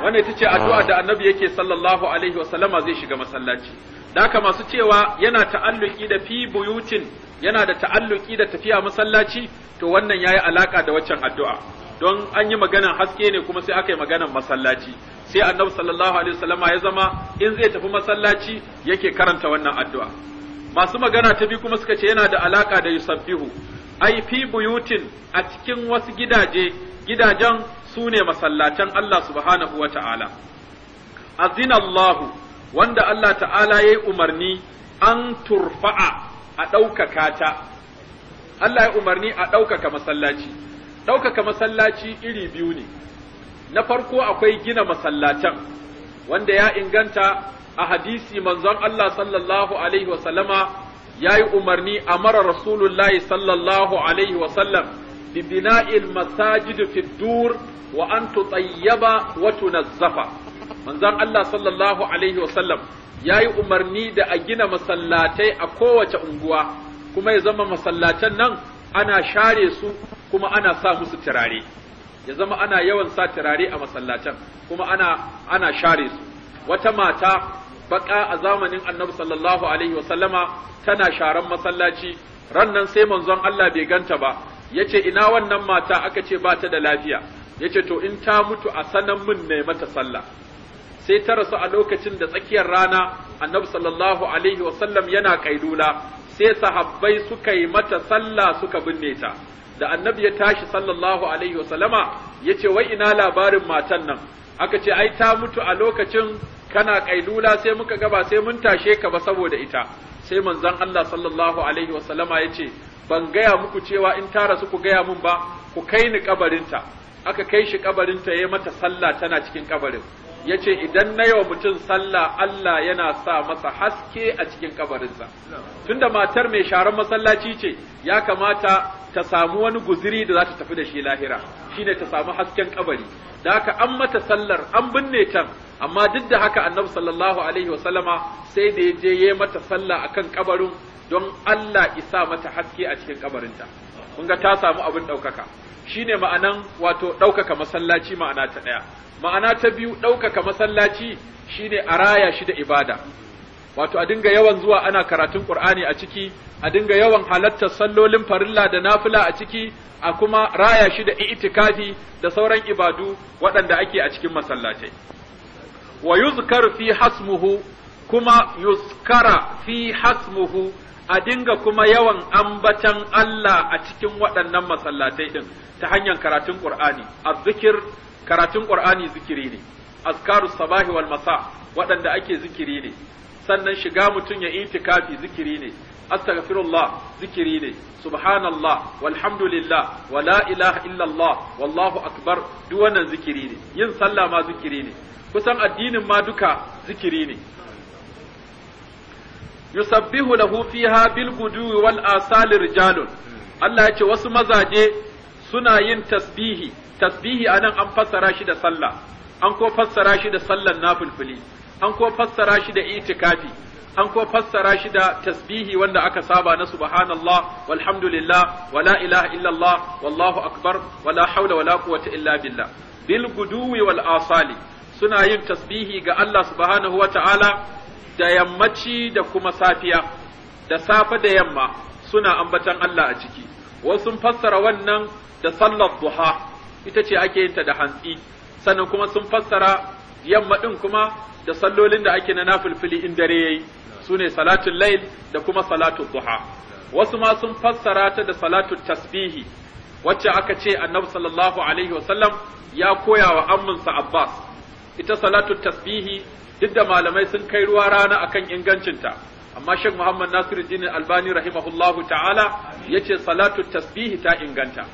wannan ita ce addu'a da annabi yake sallallahu alaihi wa sallama zai shiga masallaci daka masu cewa yana ta'alluki da fi buyutin yana da ta'alluki da tafiya masallaci to wannan yayi alaka da waccan addu'a don an yi maganan haske ne kuma sai aka yi maganan masallaci sai annabi sallallahu alaihi wa sallama ya zama in zai tafi masallaci yake karanta wannan addu'a masu magana ta biyu kuma suka ce yana da alaka da yusabbihu ai fi buyutin a cikin wasu gidaje gidajen su ne masallacen Allah subhanahu wa ta'ala Allahu wanda Allah ta'ala ya yi umarni an turfa'a a ɗaukaka ta Allah ya umarni a ɗaukaka masallaci ɗaukaka masallaci iri biyu ne na farko akwai gina masallacen wanda ya inganta a hadisi manzon Allah sallallahu alaihi wasallama ya yi umarni mara rasulullahi sallallahu alaihi wasallam bi bina'il masajid fi dur wa an tutayyaba wa tunazzafa manzon Allah sallallahu alaihi wasallam ya yi umarni da a gina masallatai a kowace unguwa kuma ya zama masallatan nan ana share su kuma ana sa musu turare ya zama ana yawan sa turare a masallatan kuma ana ana share su wata mata baka a zamanin annabi sallallahu alaihi wasallama tana sharan masallaci rannan sai manzon Allah bai ganta ba yace ina wannan mata aka ce ba ta da lafiya yace to in ta mutu a sanan min ne mata sallah sai ta rasu a lokacin da tsakiyar rana annabi sallallahu alaihi wasallam yana kaidula sai sahabbai suka yi mata sallah suka binne ta da annabi ya tashi sallallahu alaihi wasallama yace wai ina labarin matan nan aka ce ai ta mutu a lokacin kana kailula sai muka gaba sai mun tashe ka ba saboda ita sai manzon Allah sallallahu alaihi wa ya ce ban gaya muku cewa in ta rasu ku gaya mun ba ku kai ni kabarinta aka kai shi kabarinta yayi mata sallah tana cikin kabarin ya ce idan na wa mutum sallah Allah yana sa masa haske a cikin kabarinsa tunda matar mai sharan masallaci ce ya kamata ta samu wani guziri da za ta tafi da shi lahira shi ne ta samu hasken kabari da haka an mata sallar an binne can amma duk da haka annabi sallallahu alaihi wasallama sai da ya je yayi mata sallah akan kabarin don Allah isa mata haske a cikin kabarinta kun ga ta samu abin ɗaukaka Shi ne ma'anan wato ɗaukaka masallaci ma'ana ta ɗaya ma'ana ta biyu ɗaukaka masallaci shi ne a raya shi da ibada wato a dinga yawan zuwa ana karatun ƙur'ani a ciki a dinga yawan halartar sallolin farilla da nafila a ciki a kuma raya shi da itikafi da sauran ibadu waɗanda ake a cikin masallacai wa yuzkar fi hasmuhu kuma yuzkara fi hasmuhu a dinga kuma yawan ambatan Allah a cikin waɗannan masallatai ɗin ta hanyar karatun Ƙur'ani, azzikir karatun Ƙur'ani zikiri ne, azkaru sabahi wal masa waɗanda ake zikiri ne, sannan shiga mutum ya itikafi zikiri ne, astaghfirullah zikiri ne, subhanallah walhamdulillah wala ilaha illallah wallahu akbar duk wannan zikiri ne, yin sallah ma zikiri ne, kusan addinin ma duka zikiri ne. yusabbihu lahu fiha bil gudu wal asali rijalun Allah ya ce wasu mazaje suna yin tasbihi tasbihi anan an fassara shi da sallah an ko fassara shi da sallan nafilfili an ko fassara shi da itikafi an ko fassara shi da tasbihi wanda aka saba na subhanallah walhamdulillah wala ilaha illallah wallahu akbar wala haula wala quwwata illa billah bil guduwi wal asali suna yin tasbihi ga Allah subhanahu wa ta'ala da yammaci da kuma safiya da safe da yamma suna ambatan Allah a ciki wasu fassara wannan da sallar duha ita ce ake yin ta da hantsi sannan kuma sun fassara yamma din kuma da sallolin da ake na nafilfili in dare yayi sune salatun lail da kuma salatul duha wasu ma sun fassara ta da salatul tasbihi wacce aka ce annabi sallallahu alaihi wasallam ya koya wa amminsa Abbas ita salatun tasbihi duk da malamai sun kai ruwa rana akan ingancinta amma Sheikh Muhammad Nasiruddin Albani rahimahullahu ta'ala yace salatu tasbihi ta inganta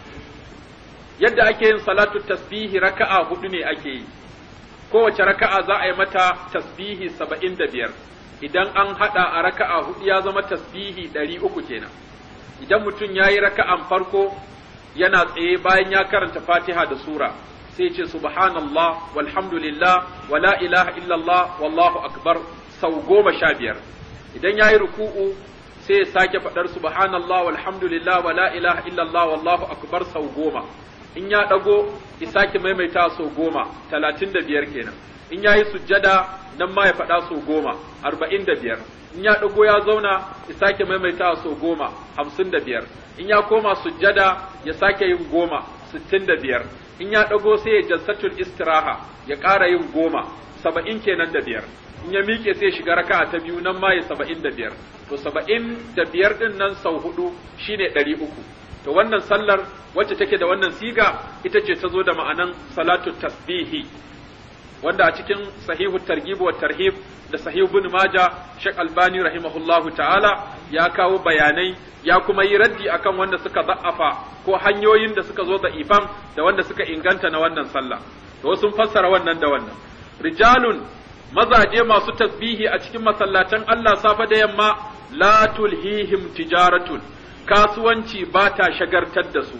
yadda ake yin salatu tasbihi raka'a hudu ne ake yi kowace raka'a za a yi mata tasbihi saba'in da biyar idan an haɗa a raka'a hudu ya zama tasbihi ɗari uku kenan idan mutum ya yi raka'an farko yana tsaye bayan ya karanta fatiha da sura sai ce subhanallah walhamdulillah la ilaha illallah wallahu akbar sau goma sha biyar idan ya yi ruku'u sai ya sake faɗar subhanallah walhamdulillah la ilaha illallah wallahu akbar sau goma in ya ɗago ya sake maimaita sau goma talatin da biyar kenan in ya yi sujjada nan ma ya faɗa sau goma arba'in da biyar in ya ɗago ya zauna ya sake maimaita sau goma hamsin da biyar in ya koma sujjada ya sake yin goma sittin da biyar in ya ɗago sai ya jalsatul istiraha ya ƙara yin goma saba'in kenan da biyar in ya miƙe sai shiga raka'a ta biyu nan ma ya saba'in da biyar to saba'in da biyar ɗin nan sau hudu shine ɗari uku to wannan sallar wacce take da wannan siga ita ce ta zo da ma'anan salatu tasbihi wanda a cikin sahihu targhib wa tarhib da sahihu ibn maja Sheikh Albani rahimahullahu ta'ala ya kawo bayanai ya kuma yi raddi akan wanda suka za'afa ko hanyoyin da suka zo da ifan da wanda suka inganta na wannan sallah to sun fassara wannan da wannan rijalun mazaje masu tasbihi a cikin masallatan Allah safa da yamma la tulhihim tijaratun kasuwanci ba ta shagartar da su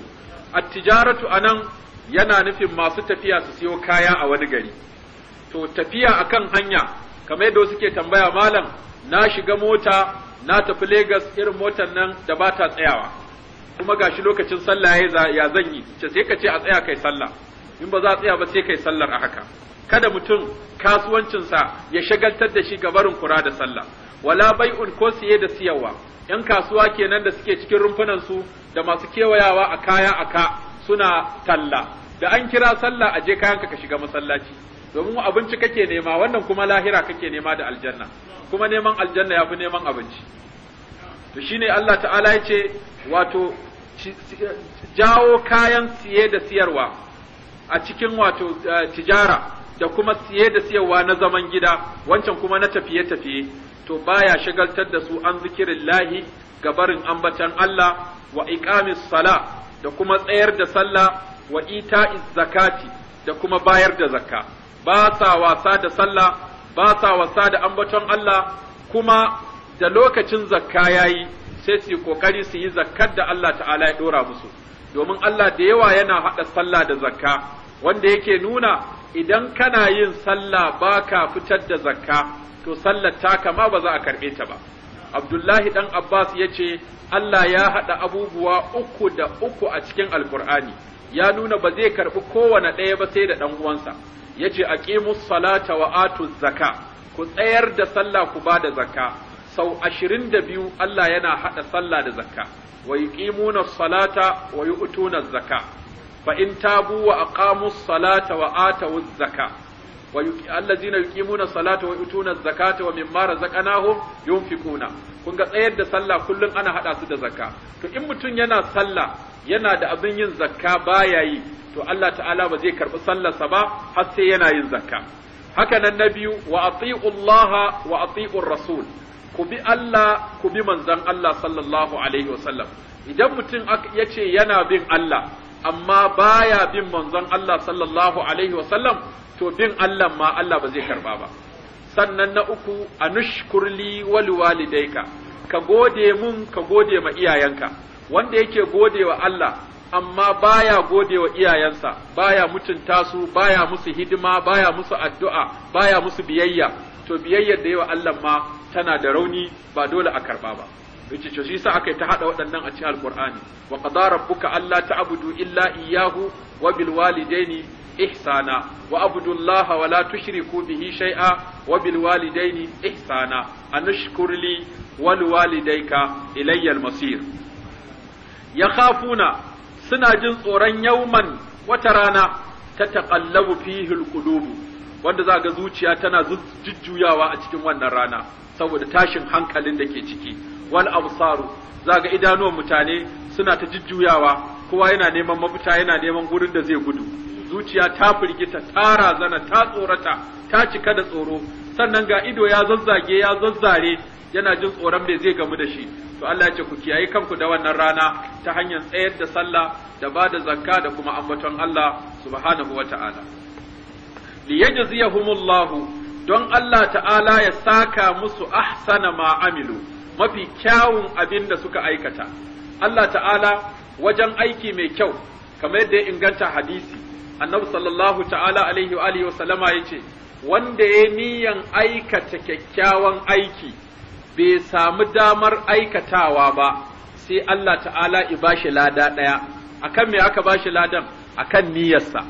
at-tijaratu anan yana nufin masu tafiya su siyo kaya a wani gari to tafiya akan hanya kamar yadda suke tambaya malam na shiga mota na tafi Legas irin motar nan da ba ta tsayawa kuma gashi lokacin sallah ya zan yi ce sai ka ce a tsaya kai sallah in ba za a tsaya ba sai kai sallar a haka kada mutum kasuwancinsa ya shagaltar da shi ga barin kura da sallah wala bai'un ko siye da siyarwa ‘yan kasuwa kenan da suke cikin rumfunan su da masu kewayawa a kaya a ka suna talla, da an kira sallah a je kayanka ka shiga masallaci, domin abinci kake nema wannan kuma lahira kake nema da aljanna kuma neman aljanna yafi neman abinci to shine Allah ta'ala ya ce wato jawo kayan siye da siyarwa a cikin wato eh, tijara da kuma siye da siyarwa na zaman gida wancan kuma na tafiye-tafiye to baya shagaltar da su an zikirin lahi gabarin ambatan Allah wa iqamis sala da kuma tsayar da sallah wa ita'iz zakati da kuma bayar da zakka ba sa wasa da sallah ba sa wasa da ambaton Allah kuma da lokacin zakka yayi sai su yi kokari su yi zakkar da Allah ta'ala ya dora musu domin Allah da yawa yana hada sallah da zakka wanda yake nuna idan kana yin sallah baka fitar da zakka to sallar ta kama ba za a karbe ta ba Abdullahi dan Abbas ya ce Allah ya haɗa abubuwa uku da uku a cikin Alkur'ani ya nuna ba zai karɓi kowane ɗaya ba sai da ɗan uwansa yace aqimus salata wa atuz zaka ku tsayar da sallah ku ba da zakka sau 22 Allah yana hada sallah da zakka wa yuqimuna salata wa yu'tuna zakka fa in tabu wa aqamus salata wa atawuz zakka wa allazina yuqimuna salata wa yu'tuna zakata wa mimma razaqnahum yunfiquna kun ga tsayar da sallah kullun ana hada su da zakka to in mutun yana sallah yana da abin yin zakka baya yi to Allah ta'ala ba zai karɓi sallarsa ba har sai yana yin zakka haka nan na biyu wa ati'u Allah wa ati'u Rasul ku bi Allah ku bi manzon Allah sallallahu alaihi sallam idan mutum ya ce yana bin Allah amma baya bin manzon Allah sallallahu alaihi sallam to bin Allah ma Allah ba zai karba ba sannan na uku anushkurli wal ka ka gode mun ka gode ma iyayenka wanda yake godewa Allah amma baya godewa iyayensa baya mutunta su baya musu hidima baya musu addu'a baya musu biyayya to biyayyar da yawa Allah ma tana da rauni ba dole a karba ba yace to shi yasa akai ta hada waɗannan a cikin alqur'ani wa qada rabbuka alla ta'budu illa iyyahu wa bil walidaini ihsana wa abudullaha wa la tushriku bihi shay'a wa bil walidaini ihsana anushkur li wal walidayka ilayya al masir ya khafuna suna jin tsoron yauman wata rana ta taƙallabu fihil wanda za ga zuciya tana jujjuyawa a cikin wannan rana saboda tashin hankalin da ke ciki wal absaru za ga idanuwan mutane suna ta jujjuyawa kowa yana neman mafita yana neman gurin da zai gudu zuciya ta firgita ta razana ta tsorata ta cika da tsoro sannan ga ido ya zazzage ya zazzare yana jin tsoron me zai gamu da shi to Allah ya ce ku kiyaye kanku da wannan rana ta hanyar tsayar da sallah da ba da zakka da kuma ambaton Allah subhanahu wa ta'ala wata'ala humullahu don Allah ta'ala ya saka musu ahsana ma amilu mafi kyawun abin da suka aikata Allah ta'ala wajen aiki mai kyau kamar yadda ya inganta hadisi annabi sallallahu ta'ala alaihi wa alihi wa sallama yace wanda ya niyan aikata kyakkyawan aiki bai samu damar aikatawa ba sai Allah ta'ala i bashi lada ɗaya akan me aka ba shi ladan akan niyarsa.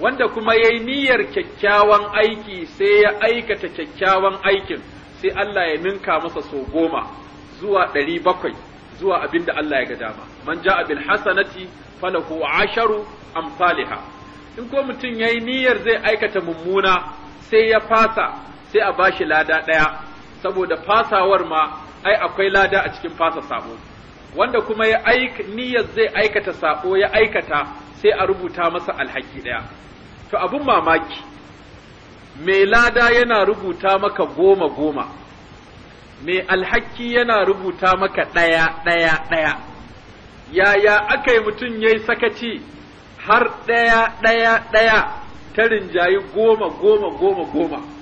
wanda kuma ya yi niyyar kyakkyawan aiki sai ya aikata kyakkyawan aikin sai Allah ya ninka masa sau goma zuwa ɗari bakwai zuwa abin da Allah ya ga dama man ja abin hasanati falahu asharu amsaliha in ko mutum yayi niyyar zai aikata mummuna sai ya fasa sai a bashi lada ɗaya saboda fasawar ma ai akwai lada a cikin fasa sabo wanda kuma ya aika niyyar zai aikata sabo ya aikata sai a rubuta masa alhaki daya to abun mamaki mai lada yana rubuta maka goma goma mai alhaki yana rubuta maka ɗaya ɗaya ɗaya yaya aka yi mutum ya yi sakaci har ɗaya ɗaya ɗaya ta rinjayi goma goma goma goma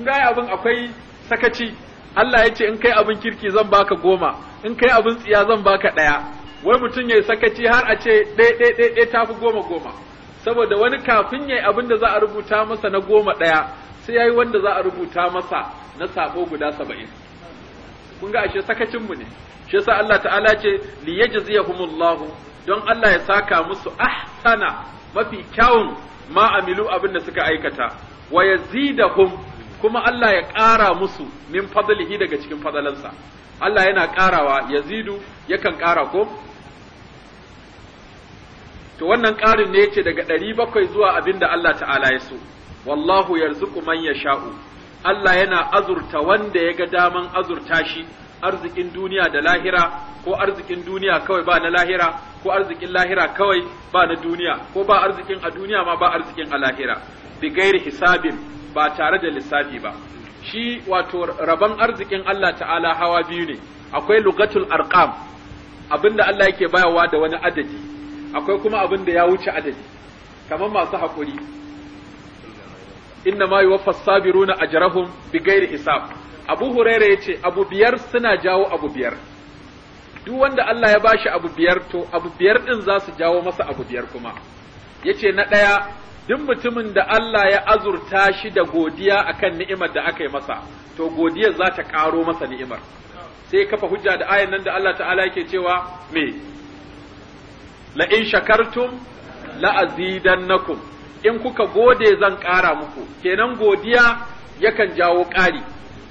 kun ga abin akwai sakaci Allah ya ce in kai abin kirki zan baka goma in kai abin tsiya zan baka ɗaya wai mutum ya yi sakaci har a ce ɗaya ɗaya ɗaya tafi goma goma saboda wani kafin ya yi abin da za a rubuta masa na goma ɗaya sai ya yi wanda za a rubuta masa na sabo guda saba'in kun ga ashe mu ne shi yasa Allah ta'ala ce li yajziyahumullahu don Allah ya saka musu ahsana mafi kyawun ma'amilu amilu abin da suka aikata wa yazidahum kuma Allah ya ƙara musu min fadlihi daga cikin fadalansa Allah yana ƙarawa yazidu yakan ƙara ko to wannan ƙarin ne yace daga 700 zuwa abinda Allah ta'ala ya so wallahu yarzuqu man yasha'u Allah yana azurta wanda ya ga daman azurta shi arzikin duniya da lahira ko arzikin duniya kawai ba na lahira ko arzikin lahira kawai ba na duniya ko ba arzikin a duniya ma ba arzikin a lahira bi gairi hisabin ba tare da lissafi ba shi wato rabon arzikin Allah ta'ala hawa biyu ne akwai lugatul arqam abinda Allah yake bayarwa da wani adadi akwai kuma abinda ya wuce adadi kamar masu haƙuri inna ma yuwaffas sabiruna ajrahum bighairi hisab Abu Huraira yace abu biyar suna jawo abu biyar duk wanda Allah ya bashi abu biyar to abu biyar din za su jawo masa abu biyar kuma yace na ɗaya duk mutumin da Allah ya azurta shi da godiya akan ni'imar da aka yi masa to godiyar za ta karo masa ni'imar sai kafa hujja da ayan nan da Allah ta'ala yake cewa me la in shakartum la azidannakum in kuka gode zan kara muku kenan godiya yakan jawo ƙari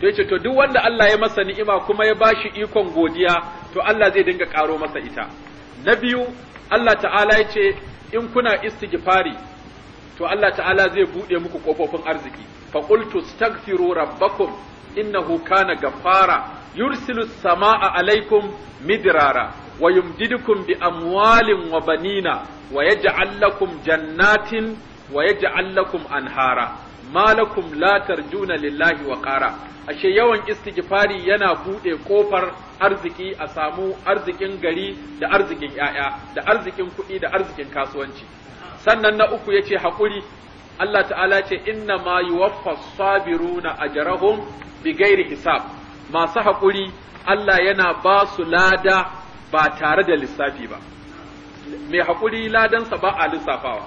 to yace to duk wanda Allah ya masa ni'ima kuma ya bashi ikon godiya to Allah zai dinga karo masa ita na biyu Allah ta'ala yace in kuna istighfari to Allah ta'ala zai buɗe muku ƙofofin arziki fa qultu astaghfiru rabbakum innahu kana gaffara yursilu samaa alaikum midrara wa yumdidukum bi amwalin wa banina wa yaj'al lakum jannatin wa yaj'al lakum anhara malakum la tarjuna lillahi wa qara ashe yawan istighfari yana bude kofar arziki a samu arzikin gari da arzikin yaya da arzikin kuɗi da arzikin kasuwanci sannan na uku yace haƙuri Allah ta'ala ce inna ma yuwaffas sabiruna ajrahum bighairi hisab masu haƙuri Allah yana ba su lada ba tare da lissafi ba mai haƙuri ladansa ba a lissafawa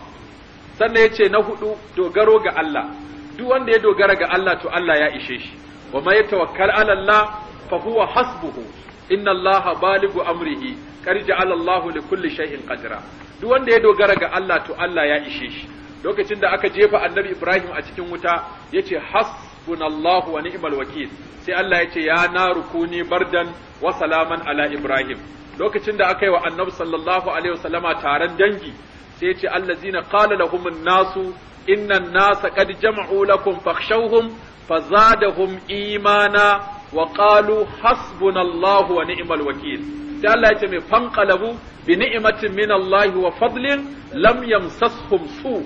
sannan yace na hudu dogaro ga Allah duk wanda ya dogara ga Allah to Allah ya ishe shi wa ma yatawakkal ala Allah fa huwa hasbuhu inna Allah baligu amrihi karja ala Allah li kulli shay'in qadira duk wanda ya dogara ga Allah to Allah ya ishe shi lokacin da aka jefa annabi Ibrahim a cikin wuta yace hasbunallahu wa ni'mal wakil sai Allah yace ya naru kuni bardan wa salaman ala Ibrahim lokacin da aka yi wa annabi sallallahu alaihi wasallama taron dangi sai yace allazina qala lahum an-nasu inna nasa qad jama'u lakum fakhshawhum fazadahum imana wa qalu hasbunallahu wa ni'mal wakil sai Allah ya ce mai fanqalabu bi ni'matin min Allah wa fadlin lam yamsashum su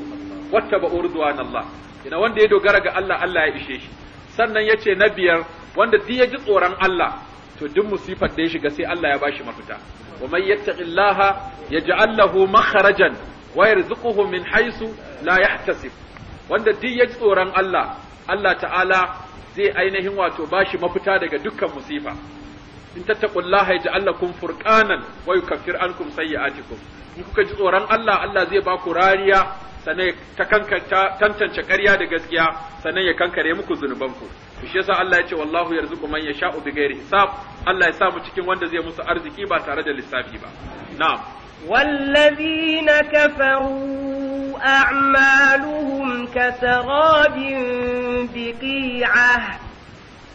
wattaba urduwan Allah ina wanda ya dogara ga Allah Allah ya ishe shi sannan ya ce na biyar wanda duk ya ji tsoron Allah to duk musifar da ya shiga sai Allah ya bashi mafita wa man yattaqillaha yaj'al lahu makhrajan wa yarzuquhu min haythu la yahtasib wanda duk ya ji tsoron Allah Allah ta'ala zai ainihin wato bashi mafita daga dukkan musifa in Allah kun lakum furqanan wa yukaffir ankum sayyi'atikum in kuka ji tsoron Allah Allah zai ba ku rariya sannan ta tantance ƙarya da gaskiya sannan ya kankare muku zunubanku to shi yasa Allah ya ce wallahu yarzuqu man yasha'u bighairi hisab Allah ya sa mu cikin wanda zai musu arziki ba tare da lissafi ba na'am والذين كفروا أعمالهم كسراب بقيعة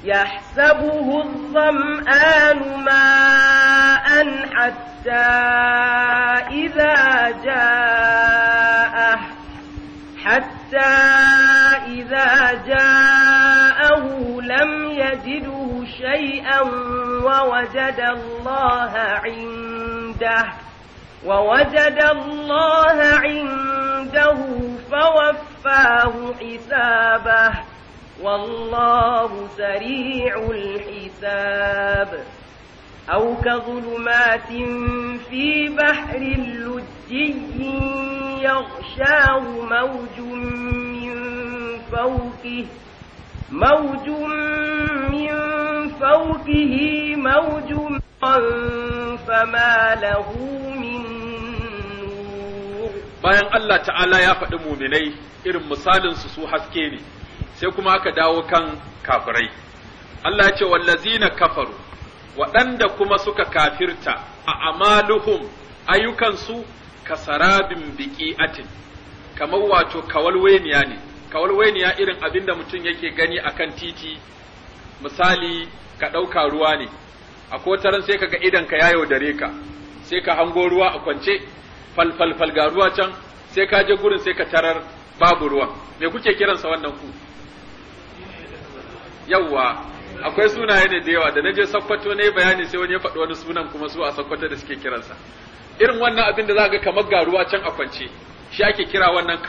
يحسبه الظمآن ماء حتى إذا جاءه حتى إذا جاءه لم يجده شيئا ووجد الله عنده ووجد الله عنده فوفاه حسابه والله سريع الحساب أو كظلمات في بحر لجي يغشاه موج من فوقه موج من فوقه موج فما له من نور bayan Allah ta'ala ya faɗi muminai irin misalin su su haske ne sai kuma aka dawo kan kafirai Allah ya ce wallazina kafaru waɗanda kuma suka kafirta a amaluhum ayyukansu kasarabin biqi'atin kamar wato kawalweniya ne kawalweniya irin abin da mutum yake gani akan titi misali ka ɗauka ruwa ne a kotaran sai kaga idan ka yayo dare ka sai ka hango ruwa a kwance falfalfal ga ruwa can sai ka je gurin sai ka tarar babu ruwa me kuke kiransa wannan ku yawwa akwai sunaye ne da yawa da naje sakkwato ne bayani sai wani ya faɗi wani sunan kuma su a sakkwato da suke kiransa irin wannan abin da za ga kamar ga can a kwance shi ake kira wannan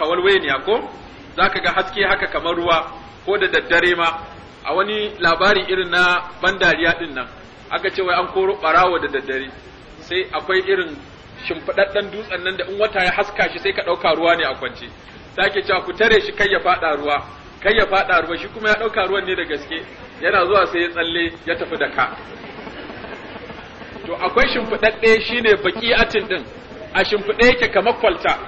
ne ko za ka ga haske haka kamar ruwa ko da daddare ma a wani labari irin na bandariya din nan aka ce wai an koro barawo da daddare sai akwai irin shimfiɗaɗɗen dutsen nan da in wata ya haska shi sai ka ɗauka ruwa ne a kwance sake cewa ku tare shi kai ya faɗa ruwa kai ya faɗa ruwa shi kuma ya ɗauka ruwan ne da gaske yana zuwa sai ya tsalle ya tafi da ka to akwai shimfiɗaɗɗe shine atin ɗin a shimfiɗe yake kamar kwalta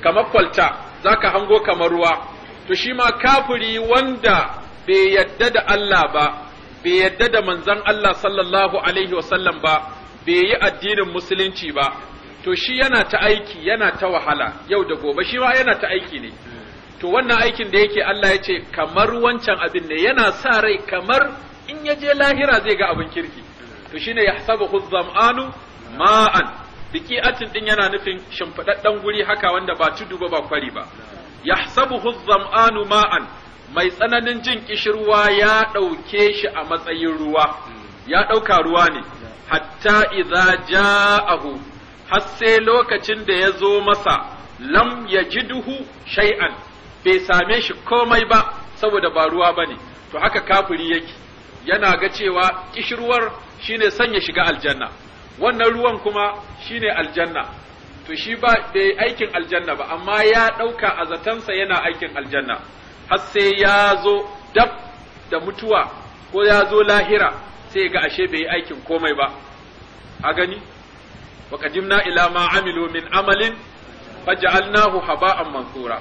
kamar kwalta ka hango kamar ruwa to shi ma kafiri wanda bai yadda da Allah ba bai yadda da manzan Allah sallallahu alaihi wasallam ba bai yi addinin musulunci ba to shi yana ta aiki yana ta wahala yau da gobe shi ma yana ta aiki ne to wannan aikin da yake Allah ya ce kamar wancan abin ne yana sa rai kamar in ya je lahira zai ga abin kirki to shine yahsabuhu zam'anu ma'an Biki atin din yana nufin shimfidaddan guri haka wanda ba tudu ba ba kwari ba Ya yahsabuhu zam'anu ma'an mai tsananin jin kishirwa ya ɗauke shi a matsayin ruwa ya ɗauka ruwa ne hatta idza ja'ahu har sai lokacin da ya zo masa lam yajiduhu shay'an bai same shi komai ba saboda ba ruwa ba ne. to haka kafiri yake yana ga cewa kishirwar shine sanya shiga aljanna wannan ruwan kuma shine aljanna to shi ba bai aikin aljanna ba amma ya ɗauka a zatansa yana aikin aljanna har sai ya zo dab da mutuwa ko ya zo lahira sai ga ashe bai aikin komai ba a gani wa ila ma amalin. min amalin faj'alnahu haba'an mansura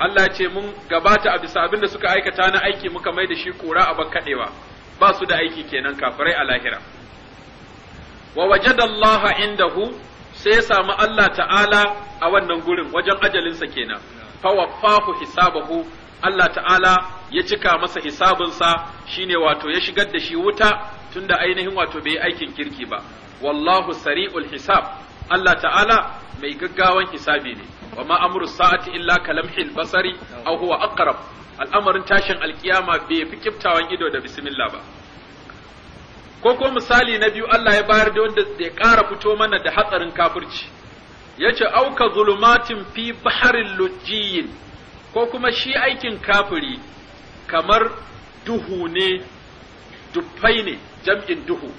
Allah ce mun gabata a bisa abin da suka aikata na aiki muka mai da shi kura a kadewa ba su da aiki kenan kafirai a lahira wa wajada Allah indahu sai ya samu Allah ta'ala a wannan gurin wajen ajalinsa kenan fa waffahu hisabahu Allah ta'ala ya cika masa hisabinsa shine wato ya shigar da shi wuta tunda ainihin wato bai aikin kirki ba wallahu sari'ul hisab Allah ta'ala mai gaggawan hisabi ne wa ma amru sa'ati illa kalamhil basari aw huwa aqrab al'amarin tashin alkiyama bai fi kiftawan ido da bismillah ba ko ko misali na biyu Allah ya bayar da wanda ya ƙara fito mana da hatsarin kafirci yace auka zulumatin fi baharin lujjiyin ko kuma shi aikin kafiri kamar duhu ne dufai ne jam'in duhu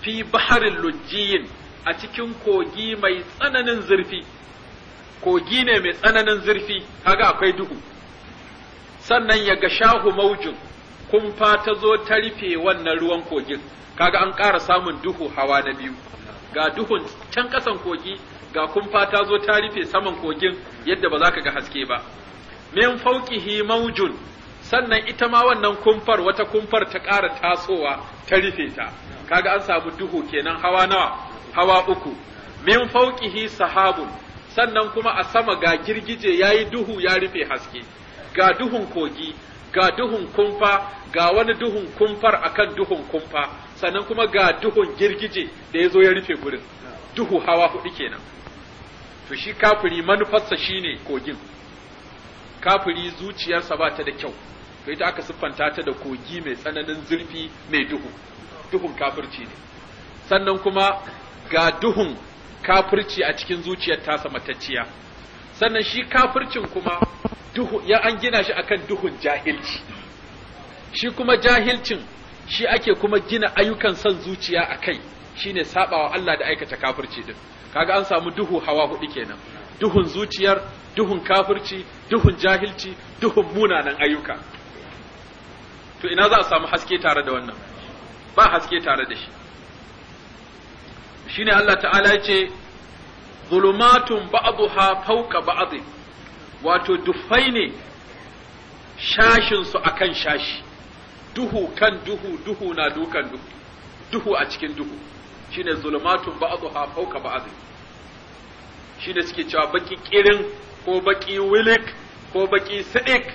fi baharin lujiyin a cikin kogi mai tsananin zurfi kogi ne mai tsananin zurfi kaga akwai duhu sannan ya ga shahu maujin kumfa ta zo ta rufe wannan ruwan kogin kaga an ƙara samun duhu hawa na biyu ga duhun can ƙasan kogi ga kumfa ta zo ta rufe saman kogin yadda ba za ka ga haske ba min fauqihi maujun sannan ita ma wannan kumfar wata kumfar ta ƙara tasowa ta rufe ta kaga an samu duhu kenan hawa nawa hawa uku min fauqihi sahabun sannan kuma a sama ga girgije ya yi duhu ya rufe haske ga duhun kogi ga duhun kumfa ga wani duhun kumfar akan duhun kumfa sannan kuma ga duhun girgije da ya zo ya rufe gurin duhu hawa hudu kenan to shi kafiri manufarsa shine kogin kafiri zuciyarsa ba ta da kyau to ita aka siffanta ta da kogi mai tsananin zurfi mai duhu duhun kafirci ne sannan kuma ga duhun kafirci a cikin zuciyar tasa matacciya sannan shi kafircin kuma duhu ya an gina shi akan duhun jahilci shi kuma jahilcin shi ake kuma gina ayyukan son zuciya a kai shine sabawa Allah da aikata kafirci din kaga an samu duhu hawa hudu kenan duhun zuciyar duhun kafirci duhun jahilci duhun munanan ayyuka to ina za a samu haske tare da wannan ba haske tare da shi shine Allah ta'ala ya ce zulumatun ha fawqa ba'd wato dufai ne shashin su akan shashi duhu kan duhu duhu na dukan duhu duhu a cikin duhu shine zulumatun fauka fawqa ba'd shine suke cewa baki kirin ko baki wilik ko baki sidik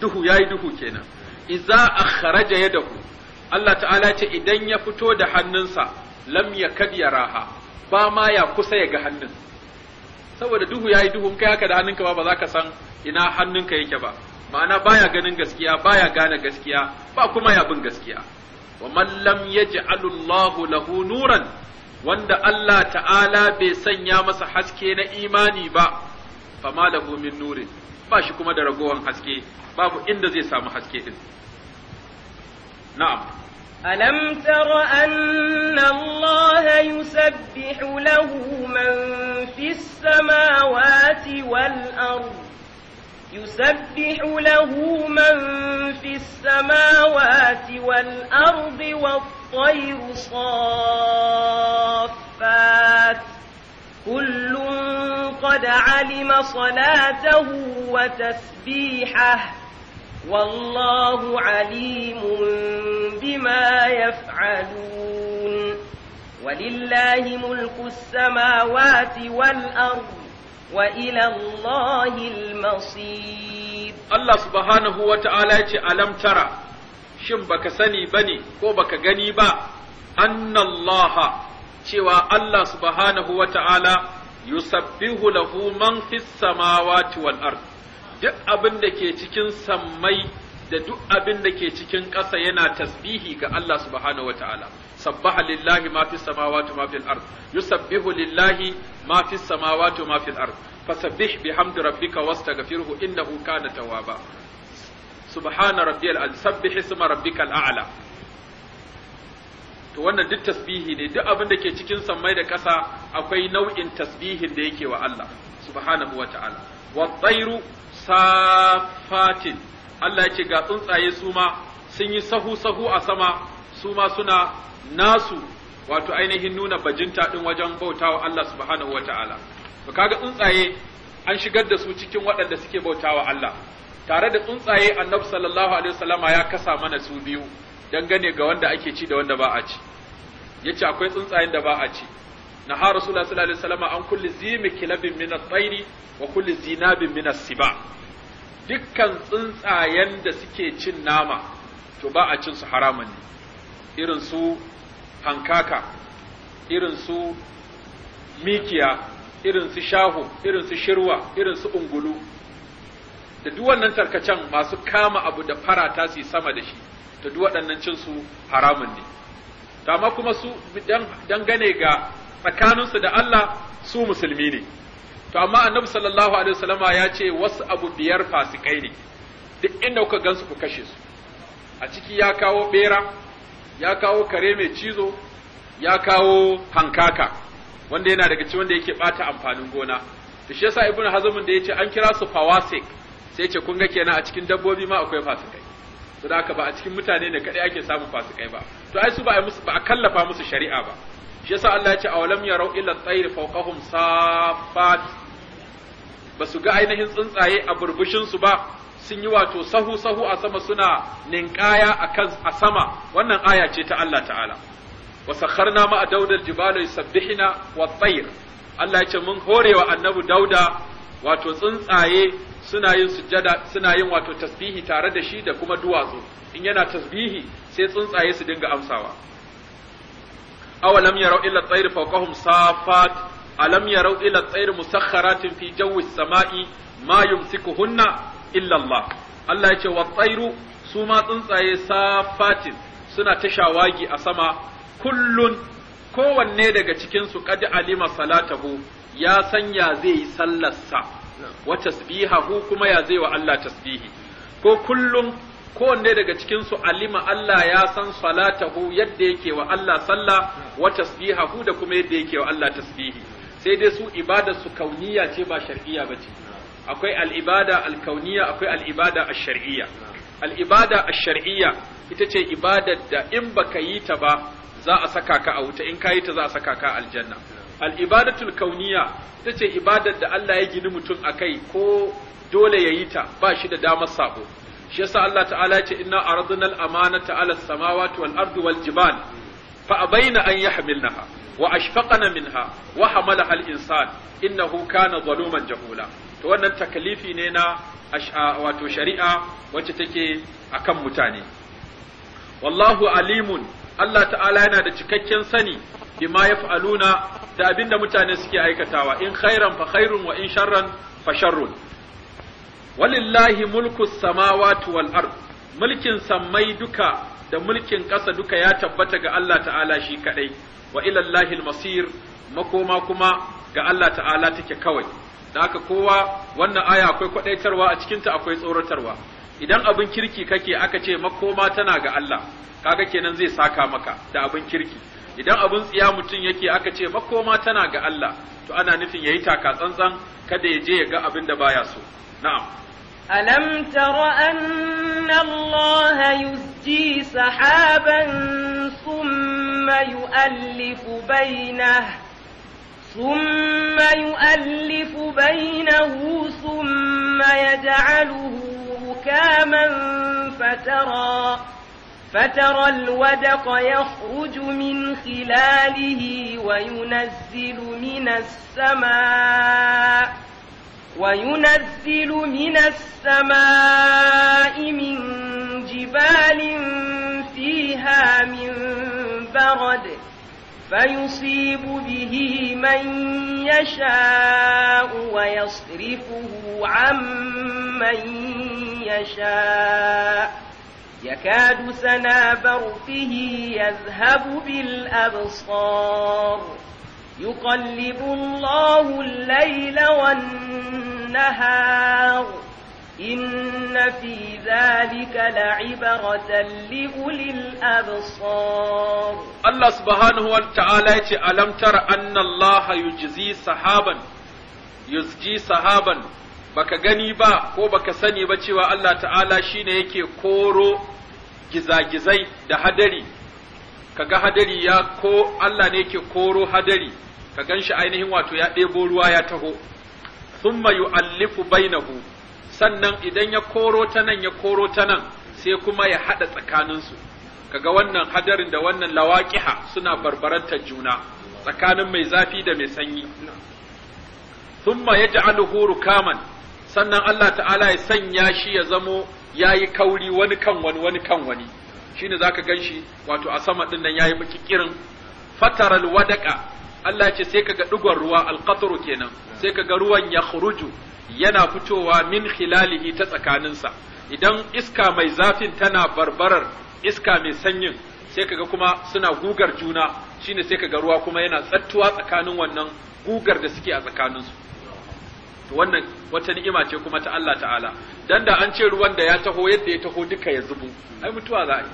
duhu yayi duhu kenan a idza akhraja yadahu Allah ta'ala ce idan ya fito da hannunsa lam kadiya raha ba ma ya kusa ya ga hannun saboda duhu yayi duhu kai haka da hannunka ba ba za ka san ina hannunka yake ba ma'ana baya ganin gaskiya baya gane gaskiya ba kuma ya bin gaskiya wa man lam yaj'alullahu lahu nuran wanda Allah ta'ala bai sanya masa haske na imani ba fa malahu min nurin ba shi kuma da ragowan haske babu inda zai samu haske din na'am ألم تر أن الله يسبح له من في السماوات والأرض يسبح له من في السماوات والأرض والطير صافات كل قد علم صلاته وتسبيحه والله عليم بما يفعلون ولله ملك السماوات والأرض وإلى الله المصير الله سبحانه وتعالى ألم ترى shin baka sani bane ko baka gani ba annallaha cewa Allah subhanahu wa ta'ala yusabbihu lahu man fis samawati wal duk abin da ke cikin sammai da duk abin da ke cikin ƙasa yana tasbihi ga Allah subhanahu wataala sabbaha lillahi ma fis samawati ma fil ard yusabbihu lillahi ma fis samawati ma fil ard fasabbih bihamdi rabbika wastaghfirhu innahu kana tawwaba subhana rabbiyal al sabbih isma rabbikal a'la to wannan duk tasbihi ne duk abin da ke cikin sammai da ƙasa akwai nau'in tasbihin da yake wa Allah subhanahu wataala wa tsairu safatin Allah ya ce ga tsuntsaye su ma sun yi sahu sahu a sama su ma suna nasu wato ainihin nuna bajinta din wajen bautawa Allah subhanahu wataala to kaga tsuntsaye an shigar da su cikin waɗanda suke bautawa Allah tare da tsuntsaye annabi sallallahu alaihi wasallama ya kasa mana su biyu dangane ga wanda ake ci da wanda ba a ci yace akwai tsuntsayen da ba a ci na ha rasulullah sallallahu alaihi wasallama an kulli zimi kilabin min at wa kulli zinabin min as-siba dukkan tsuntsayen da suke cin nama to ba a cin su haramun ne irin su hankaka irin su mikiya irin su shaho irin su shirwa irin su ungulu da duk wannan tarkacen masu kama abu da ta su sama da shi to duk waɗannan cin su haramun ne amma kuma su dangane ga tsakaninsu da Allah su musulmi ne to amma annabi sallallahu alaihi wasallama ya ce wasu abu biyar fasikai ne duk inda kuka gansu ku kashe su a ciki ya kawo bera ya kawo kare mai cizo ya kawo hankaka wanda yana daga cikin wanda yake bata amfanin gona to shi yasa ibnu hazmun da yace an kira su fawasik sai ce kun ga kenan a cikin dabbobi ma akwai fasikai to da haka ba a cikin mutane ne kadai ake samun fasikai ba to ai su ba a musu ba a kallafa musu shari'a ba shi yasa Allah ya ce awalam yarau illa tsayr fawqahum safat ba su ga ainihin tsuntsaye a burbushinsu ba sun yi wato sahu sahu a sama suna ninkaya a sama wannan aya ce ta Allah ta'ala wa sakharna ma daudal jibala yusabbihna wa tayr Allah ya ce mun horewa annabu dauda wato tsuntsaye suna yin sujada suna yin wato tasbihi tare da shi da kuma duwatsu in yana tasbihi sai tsuntsaye su dinga amsawa awalam yarau illa tayr fawqahum safat alam yarau ila tsayir musakharatin fi jawi sama'i ma yumsikuhunna illa Allah Allah ya ce wa tsairu su ma tsuntsaye safatin suna ta shawagi a sama kullun kowanne daga cikin su qad alima salatahu ya sanya zai yi sallarsa wa tasbihahu kuma ya zai wa Allah tasbihi ko kullum kowanne daga cikinsu alima Allah ya san salatahu yadda yake wa Allah sallah wa tasbihahu da kuma yadda yake wa Allah tasbihi sai dai su ibada su kauniya ce ba shar'iyya ba ce akwai al'ibada al-kauniya akwai al'ibada a shariyya al'ibada a shariyya ita ce ibadar da in baka yi ta ba za a saka ka a wuta in ka yi ta za a saka ka aljanna al'ibadatul kauniya ita ce ibadar da Allah ya gini mutum a kai ko dole ya yi ta ba shi da damar sabo shi yasa Allah ta'ala ce inna aradunal amanata ala samawati wal ardi wal jibal fa abaina an yahmilnaha wa ashfaqana minha wa hamalaha al-insan innahu kana zaluman jahula to wannan takalifi ne na wato shari'a wacce take akan mutane wallahu alimun Allah ta'ala yana da cikakken sani bima aluna da abinda mutane suke aikatawa in khairan fa khairun wa in sharran fa sharrun walillahi mulku samawati wal ard mulkin sammai duka da mulkin ƙasa duka ya tabbata ga Allah ta'ala shi kadai wa ila masir makoma kuma ga Allah ta'ala take kawai da haka kowa wannan aya akwai kwadaitarwa a cikinta akwai tsoratarwa idan abin kirki kake aka ce makoma tana ga Allah kaga kenan zai saka maka da abin kirki idan abin tsiya mutum yake aka ce makoma tana ga Allah to ana nufin yayi taka tsantsan kada ya je ya ga abin da baya so na'am ألم تر أن الله يزجي سحابا ثم يؤلف بينه ثم يؤلف بينه ثم يجعله ركاما فترى فترى الودق يخرج من خلاله وينزل من السماء وينزل من السماء من جبال فيها من برد فيصيب به من يشاء ويصرفه عن من يشاء يكاد سنا برقه يذهب بالأبصار يقلب الله الليل والنهار إن في ذلك لعبرة لأولي الأبصار الله سبحانه وتعالى ألم تر أن الله يجزي صحابا يزجي صحابا baka gani ba ko baka sani ba cewa Allah ta'ala shine yake koro gizagizai da hadari Ka ga hadari ya ko Allah ne yake koro hadari ka ganshi ainihin wato ya ɗebo ruwa ya taho thumma yu'allifu bainahu sannan idan ya koro ta nan ya koro ta nan sai kuma ya hada tsakaninsu kaga wannan hadarin da wannan lawaqiha suna barbarantar juna tsakanin mai zafi da mai sanyi thumma al'uhuru kaman sannan Allah ta'ala ya sanya shi ya zamo yayi kauri wani kan wani wani kan wani shine zaka ganshi wato a sama din nan yayi baki kirin fataral wadaka Allah ce sai kaga digon ruwa alqatru kenan sai kaga ruwan ya khuruju yana fitowa min khilalihi ta tsakaninsa idan iska mai zafin tana barbarar iska mai sanyin sai kaga kuma suna gugar juna shine sai kaga ruwa kuma yana tsattuwa tsakanin wannan gugar da suke a tsakaninsu to wannan wata ni'ima ce kuma ta Allah ta'ala dan da an ce ruwan da ya taho yadda ya taho duka ya zubu ai mutuwa za a yi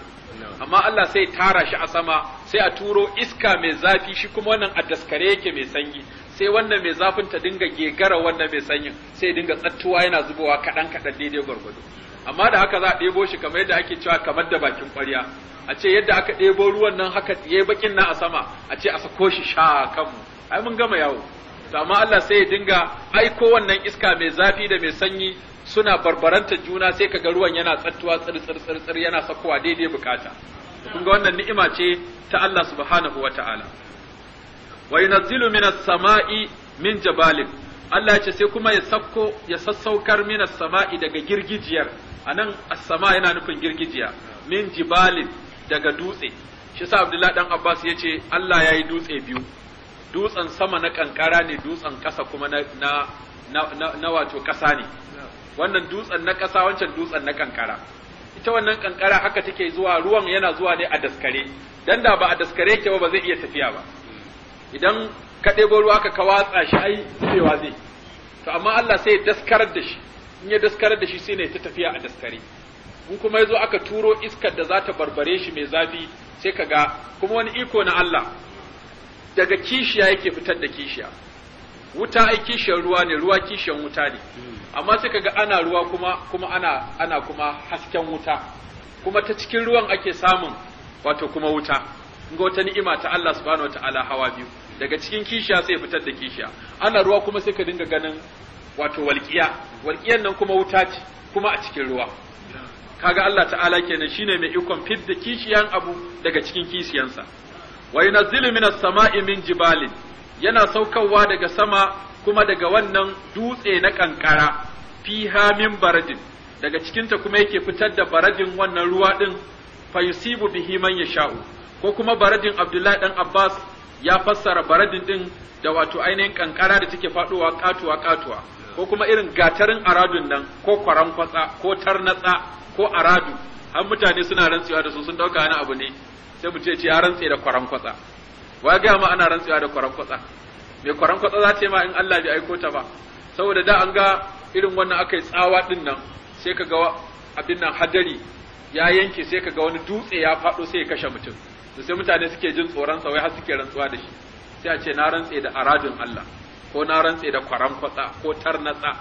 amma Allah sai tara shi a sama sai a turo iska mai zafi shi kuma wannan a daskare yake mai sanyi sai wannan mai zafin ta dinga gegara wannan mai sanyin sai dinga tsattuwa yana zubowa kaɗan kaɗan daidai gwargwado amma da haka za a ɗebo shi kamar yadda ake cewa kamar da bakin ƙwarya a ce yadda aka ɗebo ruwan nan haka ya bakin nan a sama a ce a sako shi sha kanmu ai mun gama yawo to amma Allah sai ya dinga aiko wannan iska mai zafi da mai sanyi suna barbaranta juna sai kaga ruwan yana tsattuwa tsir tsir tsir yana sakowa daidai bukata kun ga wannan ni'ima ce ta Allah subhanahu wataala wa yunazzilu minas sama'i min jabalin Allah ce sai kuma ya sakko ya sassaukar minas sama'i daga girgijiyar anan as-sama yana nufin girgijiya min jibalin daga dutse shi sa Abdullahi dan Abbas yace Allah yayi dutse biyu dutsen sama na kankara ne dutsen ƙasa kuma na na wato ƙasa ne wannan dutsen na ƙasa wancan dutsen na kankara ita wannan kankara haka take zuwa ruwan yana zuwa ne a daskare dan da ba a daskare yake ba zai iya tafiya ba idan ka ɗebo ruwa ka ka watsa shi ai cewa zai to amma Allah sai ya daskarar da shi in ya daskarar da shi sai ne ta tafiya a daskare in kuma yazo aka turo iskar da za ta barbare shi mai zafi sai ka ga kuma wani iko na Allah daga kishiya yake fitar da kishiya wuta ai kishiyar ruwa ne ruwa kishiyar wuta ne hmm. amma sai kaga ana ruwa kuma kuma ana ana kuma hasken wuta kuma ta cikin ruwan ake samun wato kuma wuta ga wata ni'ima ta Allah subhanahu wataala hawa biyu daga cikin kishiya sai fitar da kishiya ana ruwa kuma sai ka dinga ganin wato walƙiya walƙiyan nan kuma wuta ce kuma a cikin ruwa kaga Allah ta'ala kenan shine mai ikon fit da kishiyan abu daga cikin kishiyansa wa yunazzilu minas sama'i min jibalin yana saukarwa daga sama kuma daga wannan dutse na kankara fiha min baradin daga cikinta kuma yake fitar da baradin wannan ruwa din yusibu bihi man yasha'u ko kuma baradin Abdullahi dan Abbas ya fassara baradin din da wato ainihin kankara da take faduwa katuwa katuwa ko kuma irin gatarin aradun nan ko kwaran kwatsa ko tarnatsa ko aradu har mutane suna rantsuwa da su sun dauka wani abu ne sai mu ce ya rantse da kwaran kwatsa wa ga ma ana rantsewa da kwaran kwatsa me kwaran kwatsa za ta yi ma in Allah bai aiko ta ba saboda da an ga irin wannan aka yi tsawa din nan sai ka ga abin nan hadari ya yanke sai ka ga wani dutse ya faɗo sai ya kashe mutum to sai mutane suke jin tsoron sa wai har suke rantsuwa da shi sai a ce na rantse da aradun Allah ko na rantse da kwaran kwatsa ko tarnatsa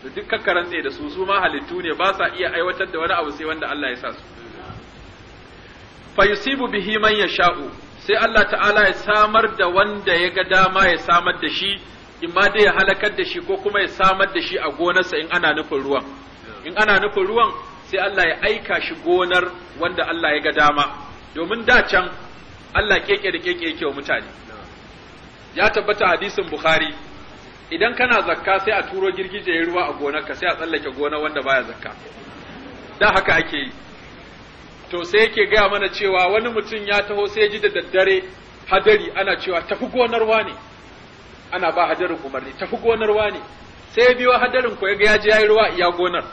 to duk kakka rantse da su su ma halittu ne ba sa iya aiwatar da wani abu sai wanda Allah ya sa su fa yusibu bihi man yasha'u sai Allah ta'ala ya samar da wanda ya ga dama ya samar da shi imma dai ya halakar da shi ko kuma ya samar da shi a gonarsa in ana nufin ruwan in ana nufin ruwan sai Allah ya aika shi gonar wanda Allah ya ga dama domin da can Allah keke da keke yake wa mutane ya tabbata hadisin Bukhari idan kana zakka sai a turo girgije ruwa a gonarka sai a tsallake gona wanda baya zakka da haka ake yi to sai yake gaya mana cewa wani mutum ya taho sai ji da daddare hadari ana cewa tafi gonarwa ne ana ba hadarin umarni tafi gonarwa ne sai biyo hadarin ko ya ji yayi ruwa iya gonar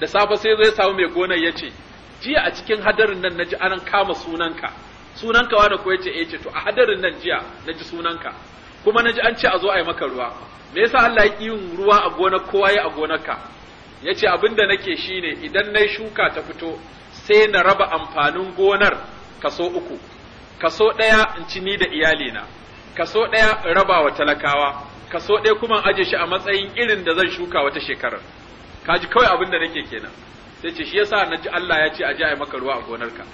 da safe sai zai samu mai gonar ya ce jiya a cikin hadarin nan naji an kama sunanka sunanka wani ko yace eh, ce? to a hadarin nan jiya naji sunanka kuma naji an ce a zo a yi maka ruwa me yasa Allah ya yin ruwa a gonar kowa ya a gonarka yace abinda nake shine idan nayi shuka ta fito sai na raba amfanin gonar kaso uku kaso ɗaya in ci ni da iyali na kaso ɗaya in raba wa talakawa kaso ɗaya kuma in aje shi a matsayin irin da zan shuka wata shekarar kaji kawai abin da nake kenan sai ce shi yasa na ji Allah ya ce aje a yi maka ruwa a gonarka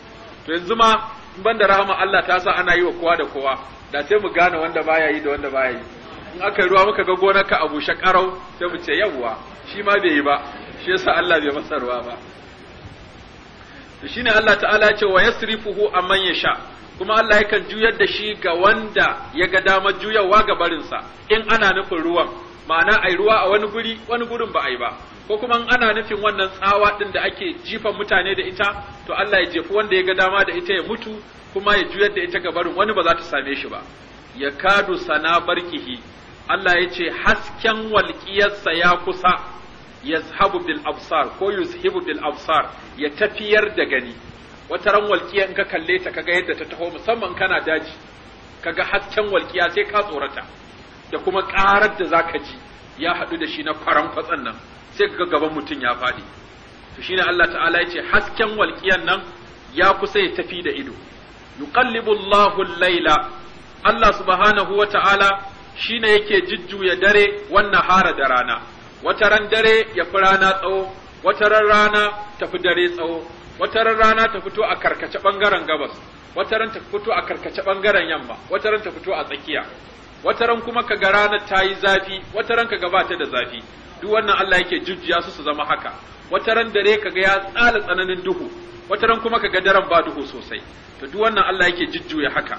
to yanzu ma in ban da rahama Allah ta sa ana yi wa kowa da kowa da sai mu gane wanda baya yi da wanda baya yi in aka ruwa muka ga gonarka a bushe karau sai mu ce yawwa shi ma bai yi ba shi yasa Allah bai masa ruwa ba to shine Allah ta'ala ce wa yasrifuhu amman sha kuma Allah yakan juyar da shi ga wanda ya ga damar juyawa ga barinsa in ana nufin ruwan ma'ana ai ruwa a wani guri wani gurin ba ai ba ko kuma ana nufin wannan tsawa din da ake jifan mutane da ita to Allah ya jefi wanda ya ga dama da ita ya mutu kuma ya juyar da ita ga barin wani ba za ta same shi ba ya kadu sana barkihi Allah ya ce hasken walƙiyarsa ya kusa yazhabu bil absar ko yuzhibu bil absar ya tafiyar da gani wata ran walƙiya in ka kalle ta kaga yadda ta taho musamman kana daji kaga hasken walƙiya sai ka tsorata da kuma ƙarar da zaka ji ya hadu da shi na kwaran kwatsan nan sai kaga gaban mutum ya faɗi to shine Allah ta'ala ya ce hasken walƙiyan nan ya kusa ya tafi da ido yuqallibu Allahu al-laila Allah subhanahu wa ta'ala shine yake jujjuya dare wannan hara da rana wata ran dare ya fi rana tsawo wata ran rana ta fi dare tsawo wata ran rana ta fito a karkace bangaren gabas wata ran ta fito a karkace bangaren yamma wata ran ta fito a tsakiya wata ran kuma kaga ranar ta yi zafi wata ran kaga ba ta da zafi duk wannan Allah yake jujjuya su su zama haka wata ran dare kaga ya tsala tsananin duhu wata ran kuma kaga daren ba duhu sosai to duk wannan Allah yake jujjuya haka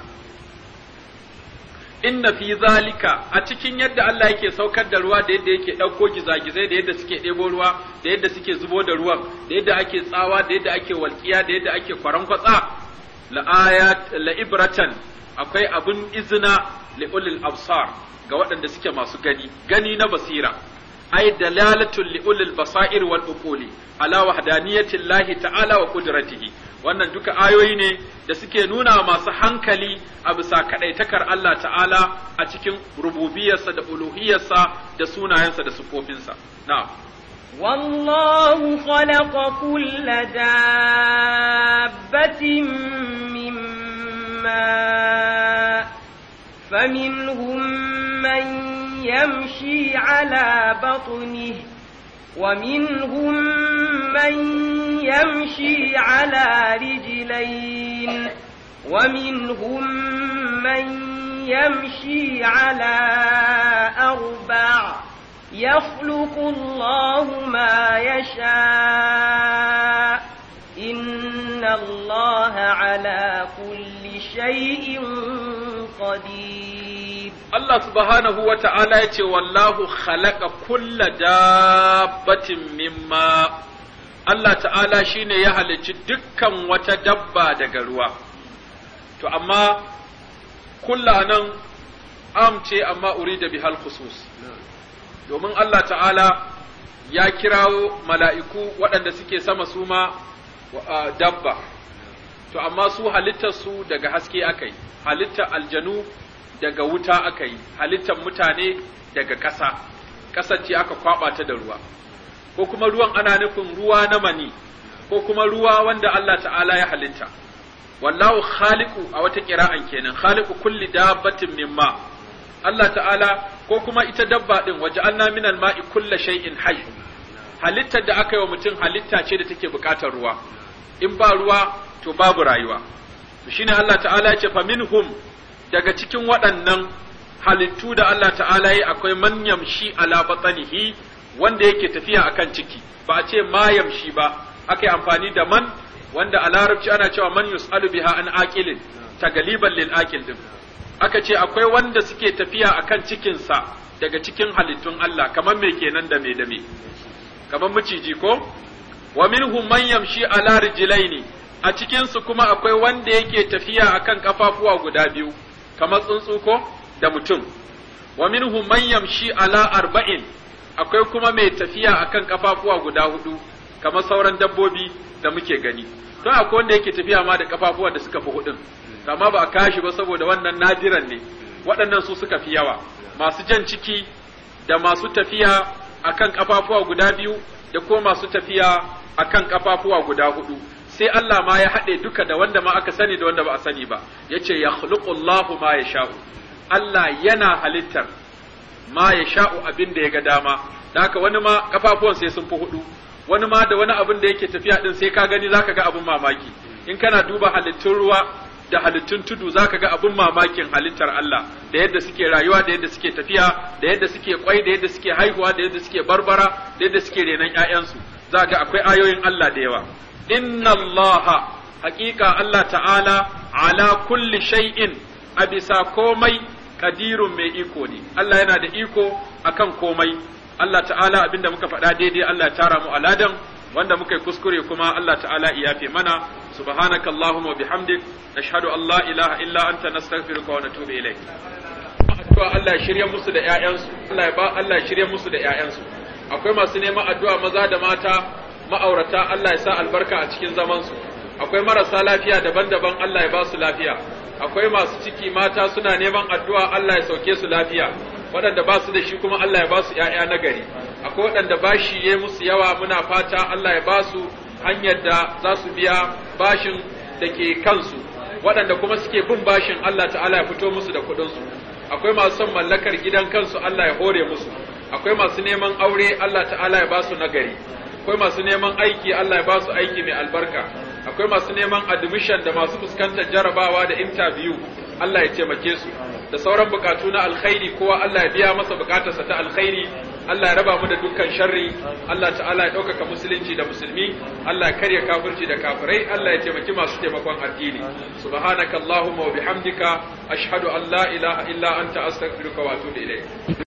inna fi zalika a cikin yadda Allah yake saukar da ruwa da yadda yake ɗauko gizagizai da yadda suke ɗebo ruwa da yadda suke zubo da ruwan da yadda ake tsawa da yadda ake walƙiya da yadda ake kwarankwatsa la ayat la ibratan akwai abun izina li ulil absar ga waɗanda suke masu gani gani na basira ay dalalatul li ulil basair wal uquli ala wahdaniyatillahi ta'ala wa qudratihi wannan duka ayoyi ne da suke nuna masu hankali a bisa kaɗaitakar Allah ta'ala a cikin rububiyarsa da uluhiyarsa da sunayensa da sufofinsa na'am wallahu خلق كل دابة من ماء فمنهم yamshi يمشي على بطنه ومنهم من يمشي على رجلين ومنهم من يمشي على أربع يخلق الله ما يشاء إن الله على كل شيء قدير الله سبحانه وتعالى والله خلق كل دابة مما Allah ta'ala shine ya halicci dukkan wata dabba daga ruwa to amma kulla nan am ce amma urida bihal khusus domin Allah ta'ala ya kirawo mala'iku waɗanda suke sama su ma dabba to amma su su daga haske akai. yi aljanu daga wuta akai. yi mutane daga ƙasa ƙasar ce aka kwaɓa ta da ruwa ko kuma ruwan ana nufin ruwa na mani ko kuma ruwa wanda Allah ta'ala ya halitta wallahu khaliqu a wata kira'an kenan khaliqu kulli dabbatin mimma Allah ta'ala ko kuma ita dabba din waja'alna minal ma'i kulli shay'in hayy halittar da aka yi wa mutum halitta ce da take bukatar ruwa in ba ruwa to babu rayuwa to shine Allah ta'ala ya ce fa minhum daga cikin waɗannan halittu da Allah ta'ala yi akwai man yamshi ala batnihi wanda yake tafiya akan ciki ba a ce ma yamshi ba aka yi amfani da man wanda a larabci ana cewa man yus'alu biha an aqilin tagaliban lil aqil din aka ce akwai wanda suke tafiya akan cikinsa daga cikin halittun Allah kamar me kenan da me da me kamar miciji ko wa minhum man yamshi ala rijlaini a cikin su kuma akwai wanda yake tafiya akan kafafuwa guda biyu kamar tsuntsu ko da mutum wa minhum man yamshi ala arba'in akwai kuma mai tafiya akan kafafuwa guda hudu kamar sauran dabbobi da muke gani to akwai wanda yake tafiya ma da kafafuwa da suka fi hudun amma ba a kashi ba saboda wannan nadiran ne waɗannan su suka fi yawa masu jan ciki da masu tafiya akan kafafuwa guda biyu da ko masu tafiya akan kafafuwa guda hudu sai Allah ma ya haɗe duka da wanda ma aka sani da wanda ba a sani ba yace yakhluqullahu ma yasha Allah yana halittar ma ya sha'u abin da ya ga dama da haka wani ma kafafuwan sai sun fi hudu wani ma da wani abin da yake tafiya ɗin sai ka gani zaka ga abin mamaki in kana duba halittun ruwa da halittun tudu zaka ga abin mamakin halittar Allah da yadda suke rayuwa da yadda suke tafiya da yadda suke kwai da yadda suke haihuwa da yadda suke barbara da yadda suke renon ƴaƴansu za ga akwai ayoyin Allah da yawa inna Allah haƙiƙa Allah ta'ala ala kulli shay'in a bisa komai Kadirun mai iko ne Allah yana da iko a kan komai Allah ta'ala abinda muka faɗa daidai Allah ya tara mu aladan wanda muka yi kuskure kuma Allah ta'ala iyafe mana subhanaka allahumma bihamdik nashhadu an la ilaha illa anta nastaghfiruka wa natubu ilayk addu'a Allah ya shirye musu da ƴaƴansu Allah ya ba Allah ya shirye musu da ƴaƴansu akwai masu neman addu'a maza da mata ma'aurata Allah ya sa albarka a cikin zamansu. akwai marasa lafiya daban-daban Allah ya ba su lafiya akwai masu ciki mata suna neman addu'a Allah ya sauke su lafiya waɗanda ba su da shi kuma Allah ya ba su ‘ya'ya na gari akwai waɗanda shi ya musu yawa muna fata Allah ya ba su hanyar da za su biya bashin da ke kansu waɗanda kuma suke bin bashin Allah ta'ala ya fito musu da kuɗinsu akwai masu son mallakar gidan kansu Allah ya hore musu akwai masu neman aure Allah ta'ala ya ba su na gari akwai masu neman aiki Allah ya ba su aiki mai albarka akwai masu neman admission da masu fuskantar jarabawa da interview Allah ya taimake su da sauran bukatu na alkhairi kowa Allah ya biya masa bukatarsa ta alkhairi Allah ya raba mu da dukkan sharri Allah ta'ala ya ɗaukaka musulunci da musulmi Allah ya karya kafirci da kafirai Allah ya taimaki masu taimakon addini subhanakallahumma wa bihamdika ashhadu an la ilaha illa anta astaghfiruka wa atubu ilayk